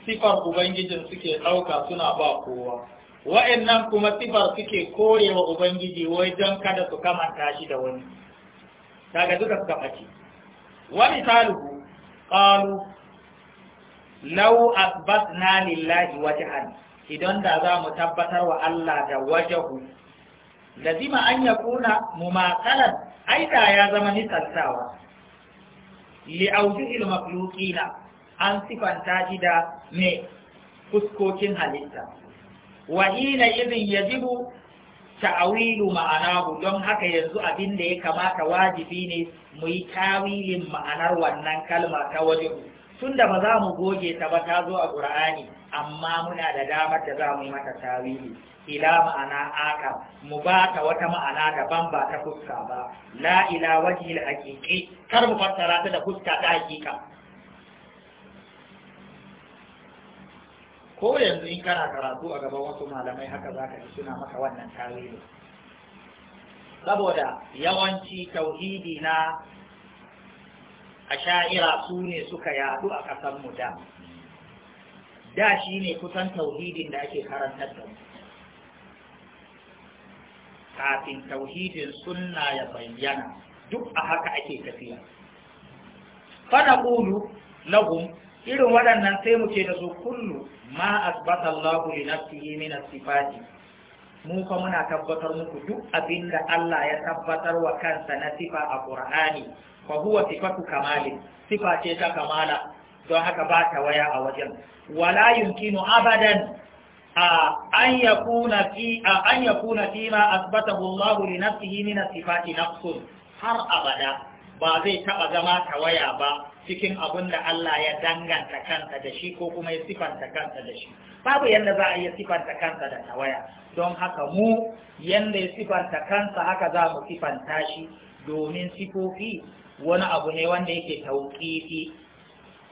sifar ubangijin suke ɗauka suna ba kowa wa'annan kuma sifar suke korewa ubangiji wai don kada su kamanta shi da wani daga duka suka ɓace wa misaluhu qalu lau asbatna lillahi wajhan idan da za mu tabbatar wa Allah da wajahu lazima an yakuna ai da ya zama nisantawa li aujuhil maqluqina an sifanta shi da me fuskokin halitta wa ina idin yajibu ta'awilu ma'anahu don haka yanzu abin da ya kamata wajibi ne mu yi tawilin ma'anar wannan kalma ta wajibu tun da ba za mu goge ta ba ta zo a ƙur'ani amma muna da damar da za mu yi mata tawili ila ma'ana aka mu ba ta wata ma'ana daban ba ta fuska ba la ila wajhil haqiqi kar mu fassara ta da fuska ta hakika ko yanzu in kana karatu a gaban wasu malamai haka za ka ji suna maka wannan tawili saboda yawanci tauhidi na a sha'ira su ne suka yadu a ƙasar mu da da shi ne kusan tauhidin da ake karantar da kafin tauhidin sunna ya bayyana duk a haka ake tafiya fada ƙulu lahum irin waɗannan sai mu ce da su kullu ma asbata Allahu li nafsihi min as-sifati mu fa muna tabbatar muku duk abinda Allah ya tabbatar wa kansa na sifa a Qur'ani fa huwa sifatu kamali sifa ce ta kamala don haka ba ta waya a wajen wala yumkinu abadan an ya kuna an yakuna fi ma asbatahu Allah li nafsihi min sifati har abada ba zai taba zama tawaya ba cikin abin da Allah ya danganta kansa da shi ko kuma ya sifanta kansa da shi babu yadda za a iya sifanta kansa da waya. don haka mu yadda ya sifanta kansa haka za mu sifanta shi domin sifofi wani abu ne wanda yake tauƙifi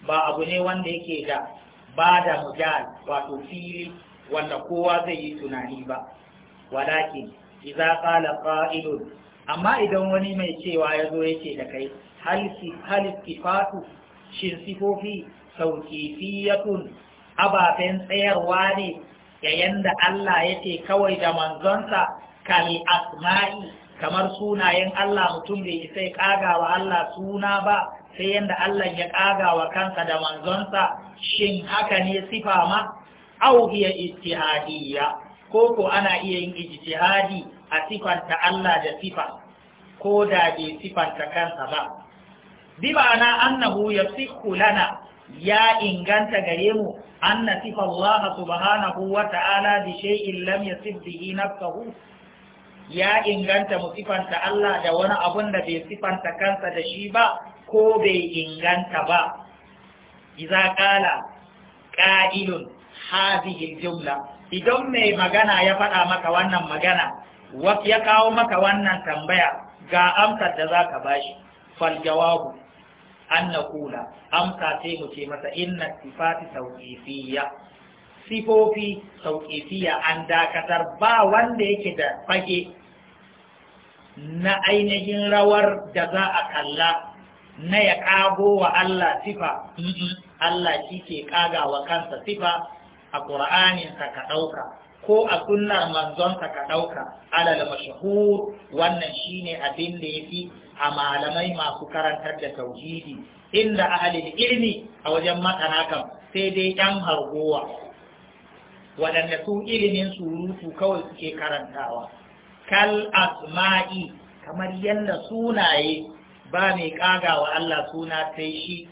ba abu ne wanda yake da ba da mujal wato fili wanda kowa zai yi tunani ba walakin idza qala qa'ilun amma idan wani mai cewa ya zo yake da kai hal fatu shin sifofi tun ababen tsayarwa ne yayin da Allah yake kawai da manzonsa kal asma'i kamar sunayen Allah mutum bai isa ya kaga wa Allah suna ba sai yanda Allah ya kaga wa kansa da manzonsa shin haka ne sifa ma au hiya ijtihadiyya ko ko ana iya yin ijtihadi a sifanta Allah da sifa ko da bai sifanta kansa ba bi ma'ana annahu yasihhu lana ya inganta gare mu anna sifa Allah subhanahu wa ta'ala bi shay'in lam yasif bihi nafsuhu ya inganta mu sifanta Allah da wani abun da bai sifanta kansa da shi ba ko bai inganta ba iza kala ƙa'ilun hadhihi jumla idan mai magana ya faɗa maka wannan magana ya kawo maka wannan tambaya ga amsar da zaka bashi fal jawabu an naqula amsa sai mu ce masa inna sifati tawqifiyya sifofi sauƙifiya an dakatar ba wanda yake da fage na ainihin rawar da za a kalla na ya ƙago wa Allah sifa, Allah shi ke ƙaga wa kansa sifa a ƙura'aninsa ka ɗauka, ko a sunnar manzonsa ka ɗauka, alal mashahur wannan shi ne abin da ya fi a malamai masu karantar da tauhidi, inda ahalin ilmi a wajen matsana kan sai dai ɗan hargowa. waɗanda su ilimin surutu kawai suke karantawa kal asma'i kamar yadda sunaye ba mai wa Allah suna sai shi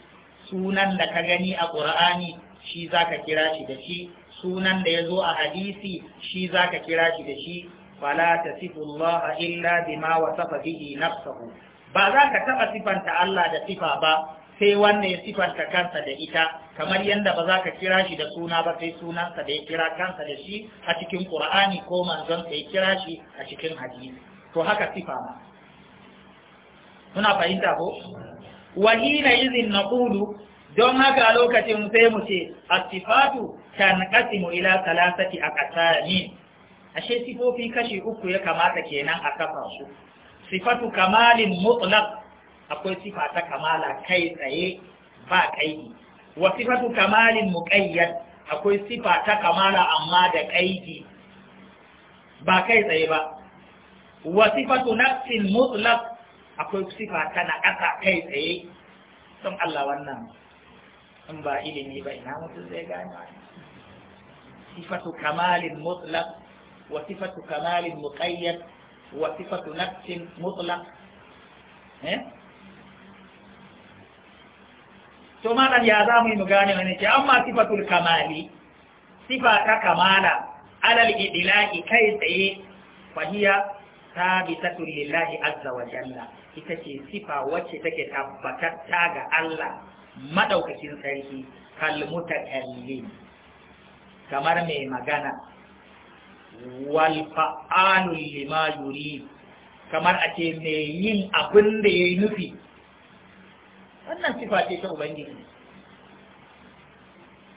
sunan da ka gani a ƙur'ani shi za ka kira shi da shi sunan da ya zo a hadisi shi za ka kira shi da shi fala ta sifullaha illa bima wasafa bihi nafsahu ba za ka taɓa sifanta Allah da sifa ba sai wannan ya sifanta kansa da ita kamar yadda ba za ka kira shi da suna ba sai sunansa da ya kira kansa da shi a cikin ƙur'ani ko manzon ya kira shi a cikin hadisi to haka sifa ma muna fahimta ko wahina izin na ƙudu don haka a lokacin sai mu ce asifatu kan mu ila salasati a ne. ashe sifofi kashi uku ya kamata kenan a kafa su sifatu kamalin mutlaq akwai sifa ta kamala kai tsaye ba kaidi wa sifatu kamalin muqayyad akwai sifa ta kamala amma da kaidi ba kai tsaye ba wa sifatu nafsin mutlaq akwai sifa ta naqasa kai tsaye don Allah wannan in ba ilimi ba ina mutum zai gane sifatu kamalin mutlaq wa sifatu kamalin muqayyad wa sifatu nafsin mutlaq eh to malam ya za mu yi mu gane wani ce amma sifatul kamali sifa ta kamala alal idilahi kai tsaye fahiya sabitatun lillahi azza wa jalla ita ce sifa wacce take tabbatar ta ga Allah madaukakin sarki kalmuta kalli kamar mai magana wal fa'alu lima yuri kamar a ce mai yin abin da yayi nufi wannan sifa ce ta ubangiji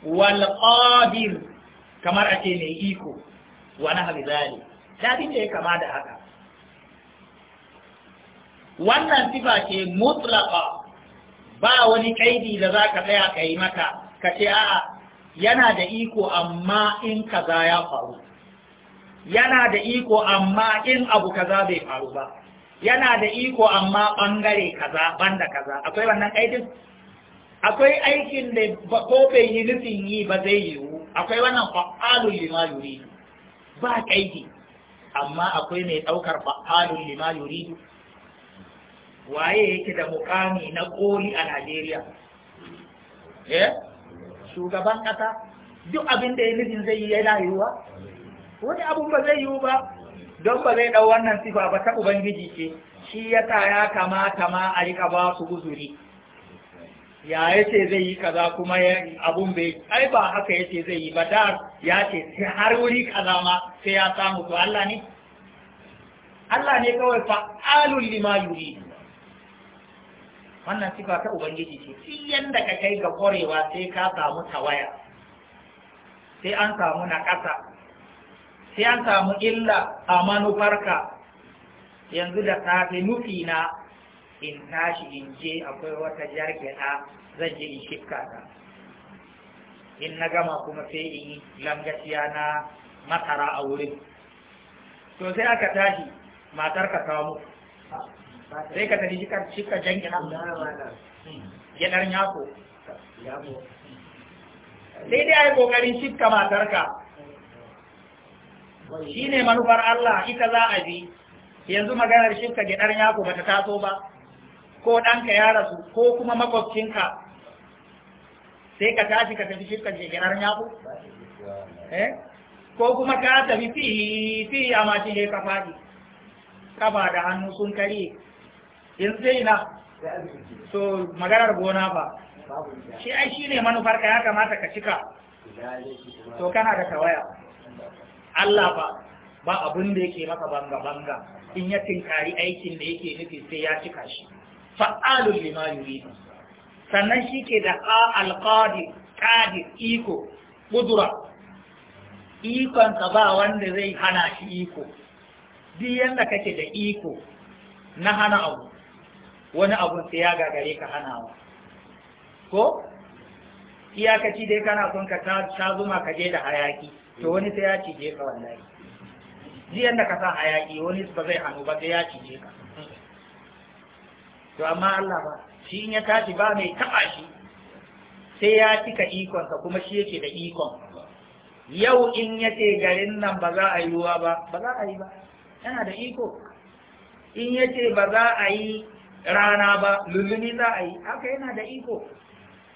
wal qadir kamar ake mai iko wa na habizali dabin da ya kama da haka wannan sifa ce mutlaqa ba wani kaidi da za ka tsaya ka yi maka ka ce a'a yana da iko amma in kaza ya faru yana da iko amma in abu kaza bai faru ba yana da iko amma bangare kaza banda kaza akwai wannan aikin akwai aikin da ko bai yi nufin yi ba zai yiwu akwai wannan fa'alun lima yuridu ba kaidi amma akwai mai daukar fa'alun lima yuridu waye yake da mukami na koli a Najeriya eh shugaban kasa duk abin da ya nufin zai yi yana yiwuwa wani abun ba zai yiwu ba don ba zai ɗau wannan sifa ba ta ubangiji ce shi ya sa ya kamata ma a rika ba su uzuri ya ce zai yi kaza kuma abun bai ai ba haka ya ce zai yi ba da ya ce sai har wuri kaza ma sai ya samu to Allah ne Allah ne kawai fa'alul lima yuri wannan sifa ta ubangiji ce shi yanda ka kai ga korewa sai ka samu tawaya sai an samu na ƙasa sai an samu illa a manufarka yanzu da safe nufi na in tashi in je akwai wata jargina zan je in shifka ta in na gama kuma sai in yi langashiya na matara a wurin to sai aka tashi matar ka samu sai ka tafi shifka jangina gyanar yako sai dai a yi ƙoƙarin shifka matarka shi ne manufar Allah ita za a bi yanzu maganar shirka gidar yako bata taso ba ko ɗanka ya rasu ko kuma makwabcinka sai ka tashi ka tafi shirka gidar yako eh? ko kuma ka tafi fihi fihi a mashi ne ka faɗi kafa da hannu sun kare In sai na so maganar gona ba shi ai shi ne manufarka ya kamata ka cika to kana da tawaya Allah ba ba abin da yake maka banga-banga in ya tinkari aikin da yake nufi sai ya cika shi fa'alun lima yuridu sannan shi ke da alƙadir qadir iko ƙudura ikonsa ba wanda zai hana shi iko duk yanda kake da iko na hana abu wani abun sai ya gagare ka hanawa ko iyakaci dai kana son ka ta zuma ka je da hayaki to wani sai ya cije ka wallahi ji da ka sa hayaki wani ba zai hannu ba sai ya cije ka to amma Allah ba shi in ya tashi ba mai taba shi sai ya cika ikonsa kuma shi yake da ikon yau in ya ce garin nan ba za a yi ruwa ba ba za a yi ba yana da iko in ya ce ba za a yi rana ba lullumi za a yi haka yana da iko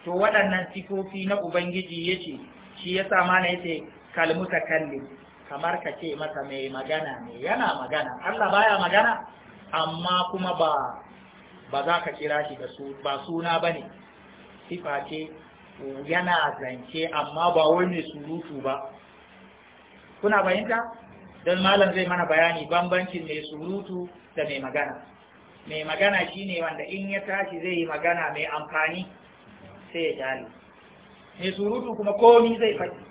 to waɗannan sifofi na ubangiji ya ce shi ya sa mana ya ce kalli kamar ka ce masa mai magana ne yana magana Allah baya magana amma kuma ba ba za ka kira shi da su ba suna bane sifa ce yana zance amma ba wani surutu ba kuna bayanta don malam zai mana bayani bambancin mai surutu da mai magana mai magana shi ne wanda in ya tashi zai yi magana mai amfani sai ya tali mai surutu kuma komi zai faɗi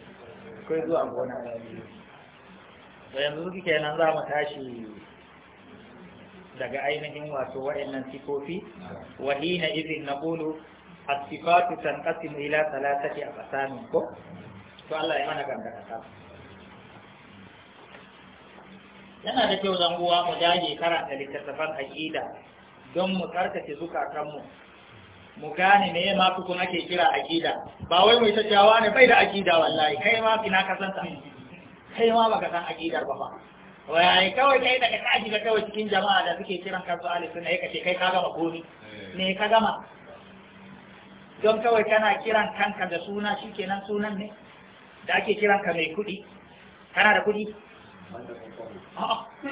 kai zuwa gona da yanzu suke nan za mu tashi daga ainihin wato wa'annan sifofi wa izin na naqulu as sifatu tanqasimu ila thalathati a ko to Allah ya mana ganda ka yana da kyau zan uwa mu dage karanta littattafan aƙida don mu karkace zukatanmu mu gane ne ma kuma ke kira akida ba wai mai ta ne bai da akida wallahi kai ma kina kasanta? kai ma baka san akidar ba fa wai kawai kai da ka da kawai cikin jama'a da suke kiran kansu ahli sunna yake ce kai ka gama komi eh. me ka gama don kawai kana kiran kanka da suna shikenan sunan ne da ake kiran ka mai kuɗi kana da kuɗi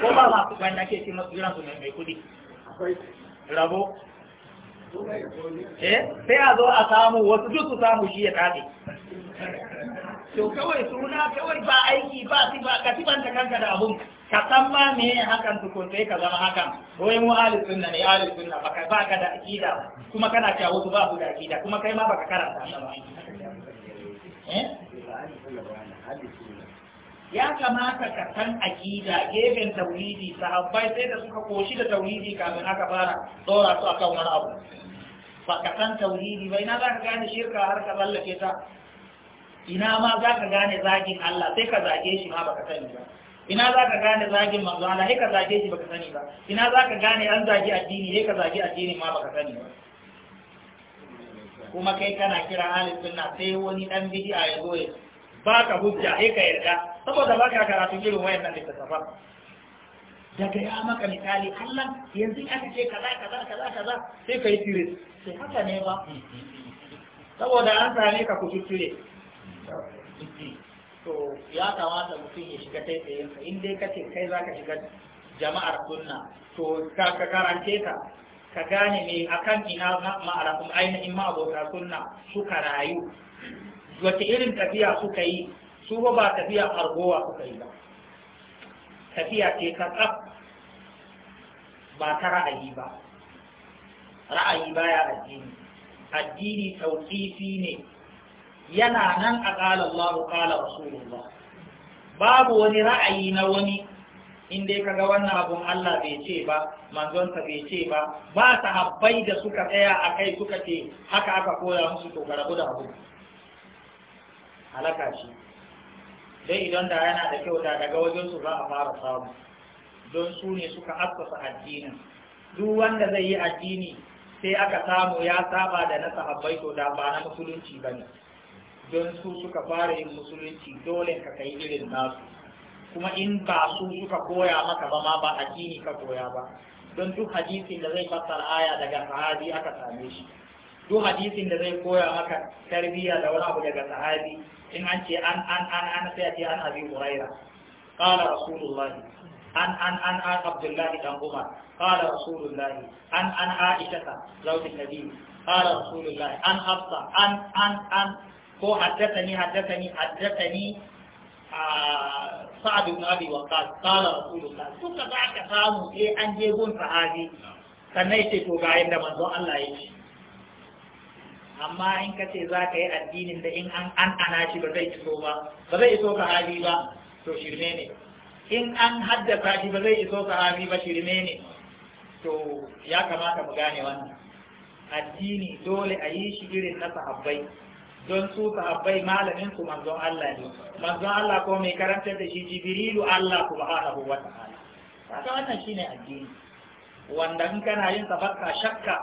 ko ba ma wanda ake kiran su mai kuɗi rabo eh sai a zo a samu wasu duk su samu shi ya tsage to kawai suna kawai ba aiki ba su ba ka banta kanka da abun ka san ma me hakan ko sai ka zama hakan wai mu ahli sunna ne ahli sunna baka ba ka da akida kuma kana cewa wasu ba su da akida kuma kai ma baka karanta ba eh ya kamata ka san aƙida gefen tauhidi sahabbai sai da suka koshi da tauhidi kafin aka fara tsora su akan wani abu ba ka san tauhidi ba ina za ka gane shirka har ka tsallake ta ina ma za ka gane zagin Allah sai ka zage shi ma ba ka sani ba ina za ka gane zagin manzo Allah sai ka zage shi ba ka sani ba ina za ka gane an zagi addini sai ka zagi addini ma ba ka sani ba kuma kai kana kira ahlus sunna sai wani dan bid'a ya zo ba ka hujja sai ka yarda saboda ba ka karatu irin wayan nan littattafan daga ya maka misali Allah yanzu aka ce kaza kaza kaza kaza sai ka yi tire sai haka ne ba saboda an same ka tire to ya kamata mutum ya shiga kai tsaye in dai ka ce kai za ka shiga jama'ar sunna to ka karance ka, ka gane me akan ina ma'arafin ainihin ma'abota sunna suka rayu wace irin tafiya suka yi su ba ba tafiya argowa kuka yi ba tafiya ce ka tsaf ba ta ra'ayi ba ra'ayi baya addini addini tauƙifi ne yana nan a ƙala Allah ƙala Rasulullah babu wani ra'ayi na wani in dai kaga wannan abun Allah bai ce ba manzonsa bai ce ba ba sahabbai da suka tsaya a kai suka ce haka aka koya musu to ga da abu halaka shi dai idan da yana da kyau da daga wajensu za a fara samu don su ne suka assasa addinin duk wanda zai yi addini sai aka samu ya saba da na sahabbai to da ba na musulunci ba ne don su suka fara yin musulunci dole ka kai irin nasu kuma in ba su suka koya maka ba ma ba addini ka koya ba don duk hadisin da zai fassara aya daga sahabi aka same shi duk hadisin da zai koya maka tarbiyya da wani abu daga sahabi in an ce an an an an sai a ce an abi huraira qala rasulullah an an an an abdullahi dan umar qala rasulullah an an aisha zawjin nabi qala rasulullah an hafsa an an an ko haddathani haddathani haddathani sa'ad ibn abi waqqas qala rasulullah duka za ka samu eh an je gun sahabi sannan yace to ga yanda manzon Allah ya yake amma in ka ce za ka yi addinin da in an an'a shi ba zai iso ba ba zai iso sahabi ba to shirme ne in an haddasa shi ba zai iso sahabi ba shirme ne to ya kamata mu gane wannan addini dole a yi shi irin na sahabbai don su sahabbai malamin su manzon Allah ne manzon Allah ko mai karantar da shi jibrilu Allah subhanahu wa ta'ala kaga wannan shine addini wanda in kana yin sa shakka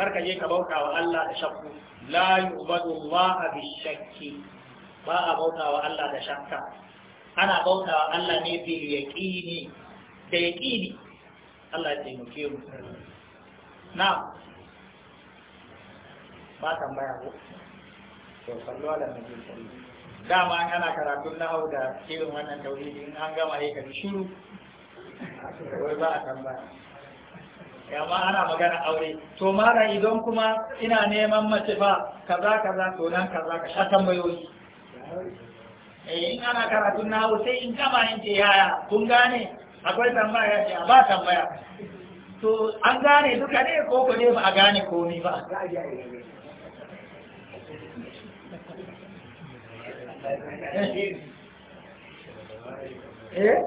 karka je ka bauta wa Allah da shakku la yu'badu Allah bi shakki ba a bauta wa Allah da shakka ana bauta wa Allah ne bi yaqini da yaqini Allah ya taimake mu na ba tambaya ko to sallu ala nabi dama ana karatun nahau da irin wannan tauhidi in an gama sai shiru wai ba a tambaya yamma ana magana aure to mara idan kuma ina neman mace fa kaza kaza to nan kaza ka sha tambayoyi eh in ana karatun nawo sai in kama in ce yaya kun gane akwai tambaya ce ba tambaya to an gane duka ne ko ko ne ba a gane ni ba eh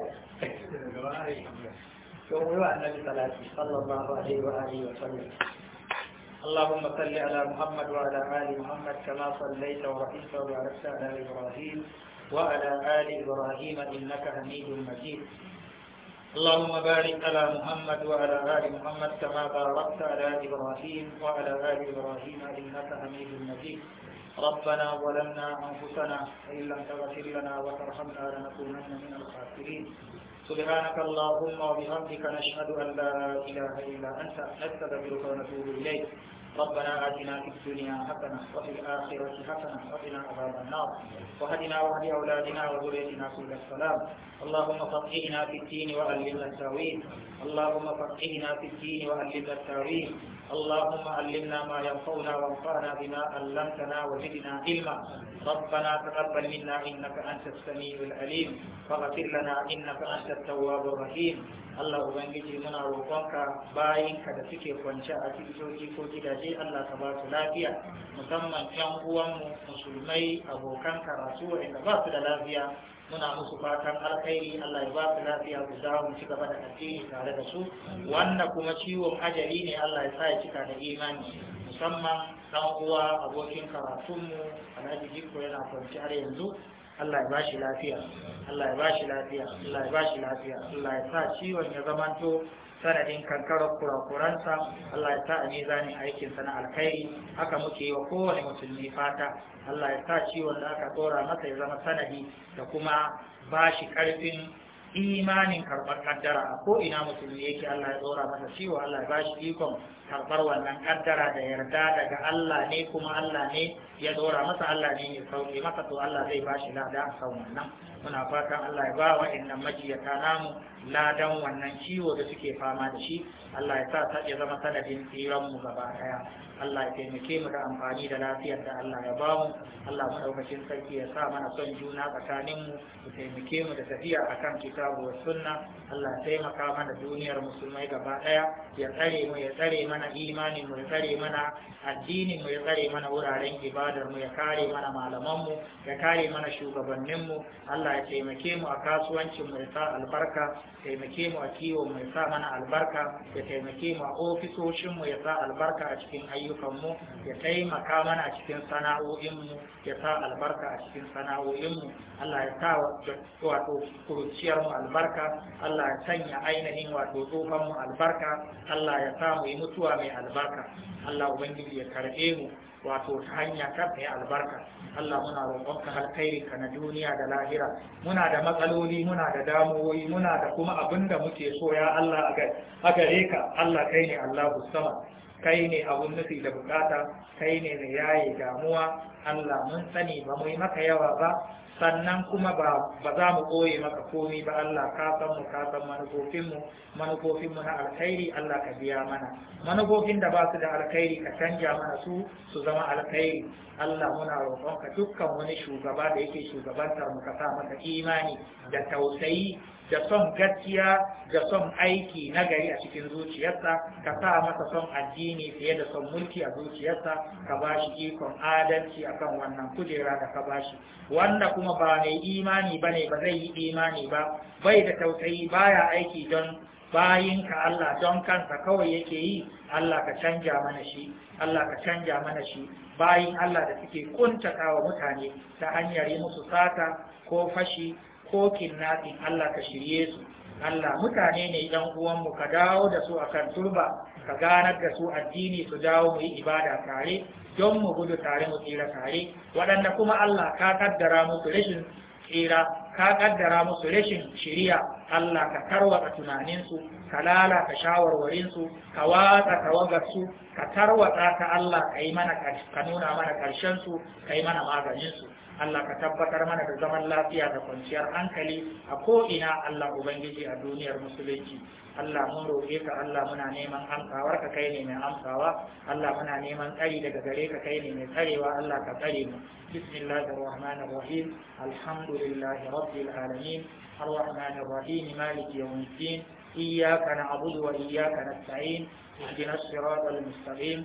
ومن النبي صلى الله عليه وآله وسلم اللهم صل على محمد وعلى آل محمد كما صليت ورحمت وباركت على إبراهيم وعلى آل إبراهيم إنك حميد مجيد اللهم بارك على محمد وعلى آل محمد كما باركت على إبراهيم وعلى آل إبراهيم إنك حميد مجيد ربنا ظلمنا أنفسنا وإن لم تغفر لنا وترحمنا لنكونن من الخاسرين سبحانك اللهم وبحمدك نشهد أن لا إله إلا أنت نستغفرك ونتوب إليك ربنا آتنا في الدنيا حسنة وفي الآخرة حسنة وقنا عذاب النار وهدنا وهدي أولادنا وذريتنا كل السلام اللهم فقهنا في الدين وعلمنا التاويل اللهم فقهنا في الدين وعلمنا التاويل اللهم علمنا ما ينفعنا وانفعنا بما علمتنا وزدنا علما ربنا تقبل منا انك انت السميع العليم فاغفر لنا انك انت التواب الرحيم Allah Ubangiji muna roƙonka ka da suke kwance a asibitoci ko gidaje Allah ka ba su lafiya musamman ƴan uwanmu musulmai abokan karatu waɗanda ba su da lafiya muna musu fatan alkhairi Allah ya ba su lafiya ku dawo mu ci gaba da addini tare da su wanda kuma ciwon ajali ne Allah ya sa ya cika da imani musamman ɗan uwa abokin karatunmu Alhaji Jikko yana kwance har yanzu Allah ya bashi lafiya Allah ya bashi lafiya Allah ya bashi lafiya Allah ya sa ciwon ya zamanto sanadin kankarar kurakuransa Allah ya sa a mizanin aikin sana alkhairi haka muke yi wa kowane musulmi fata Allah ya sa ciwon da aka tsora masa ya zama sanadi da kuma bashi karfin imanin karɓar kaddara a ko'ina musulmi yake Allah ya tsora masa ciwo Allah ya bashi ikon karɓar wannan kaddara da yarda daga Allah ne kuma Allah ne ya dora masa Allah ne ya sauke masa to Allah zai ba shi lada a sau wannan muna fatan Allah ya ba wa'annan majiyata namu ladan wannan ciwo da suke fama da shi Allah ya sa ta ya zama sanadin tsiran mu gaba daya Allah ya taimake mu da amfani da lafiyar da Allah ya ba mu Allah madaukakin sarki ya sa mana son juna tsakanin mu ya taimake mu da tafiya akan kitabu wa sunna Allah ya taimaka mana duniyar musulmai gaba daya ya tsare mu ya tsare mana imanin mu ya tsare mana addinin mu ya tsare mana wuraren ibada ibadar mu ya kare mana malaman mu ya kare mana shugabannin mu Allah ya taimake mu a kasuwancin mu ya sa albarka taimake mu a kiwo mu ya sa mana albarka ya taimake mu a ofisoshin mu ya sa albarka a cikin ayyukan mu ya taimaka mana a cikin sana'o'in mu ya sa albarka a cikin sana'o'in mu Allah ya sa wato kuruciyar mu albarka Allah ya sanya ainihin wato tsofan mu albarka Allah ya sa mu yi mutuwa mai albarka Allah ubangiji ya karbe mu wato ta hanya ta mai albarka Allah muna roƙonka alkhairi ka na duniya da lahira muna da matsaloli muna da damuwoyi muna da kuma abin da muke so ya Allah a gare ka Allah kai ne Allahu sama kai ne abun nufi da bukata kai ne mai yaye damuwa Allah mun sani ba mu yi maka yawa ba sannan kuma ba za mu ɓoye maka komai ba Allah ka san mu ka san manufofinmu manufofinmu na alkhairi Allah ka biya mana manufofin da ba su da alkhairi ka canja mana su su zama alkhairi Allah muna roƙonka dukkan wani shugaba da yake shugabantar mu ka sa maka imani da tausayi da son gaskiya da son aiki na gari a cikin zuciyarsa ka sa masa son addini fiye da son mulki a zuciyarsa ka ba shi ikon adalci akan wannan kujera da ka ba shi wanda kuma ba mai imani ba ne ba zai yi imani ba bai da tausayi baya aiki don bayinka Allah don kansa kawai yake yi Allah ka canja mana shi Allah ka canja mana shi bayin Allah da suke kuntata wa mutane ta hanyar yi musu sata ko fashi ko nati Allah ka shirye su Allah mutane ne yan uwanmu ka dawo da su a kan turba ka ganar da su addini su dawo mu yi ibada tare don mu gudu tare mu tsira tare waɗanda kuma Allah ka kaddara musu rashin tsira ka kaddara musu rashin shiriya Allah ka tarwata tunaninsu ka lalata shawarwarinsu ka watsa tawagarsu ka tarwata ta Allah ka yi mana ka nuna mana ƙarshensu ka yi mana maganinsu Allah ka tabbatar mana da zaman lafiya da kwanciyar hankali a ko'ina Allah Ubangiji a duniyar musulunci. Allah mun roƙe ka Allah muna neman amsawar ka kai ne mai amsawa, Allah muna neman tsari daga gare ka kai ne mai tsarewa Allah ka tsare mu. Bismillahir Rahmanir Rahim. Alhamdulillahi Rabbil Alamin. Ar-Rahmanir Rahim Maliki Yawmiddin. إياك نعبد وإياك نستعين اهدنا الصراط المستقيم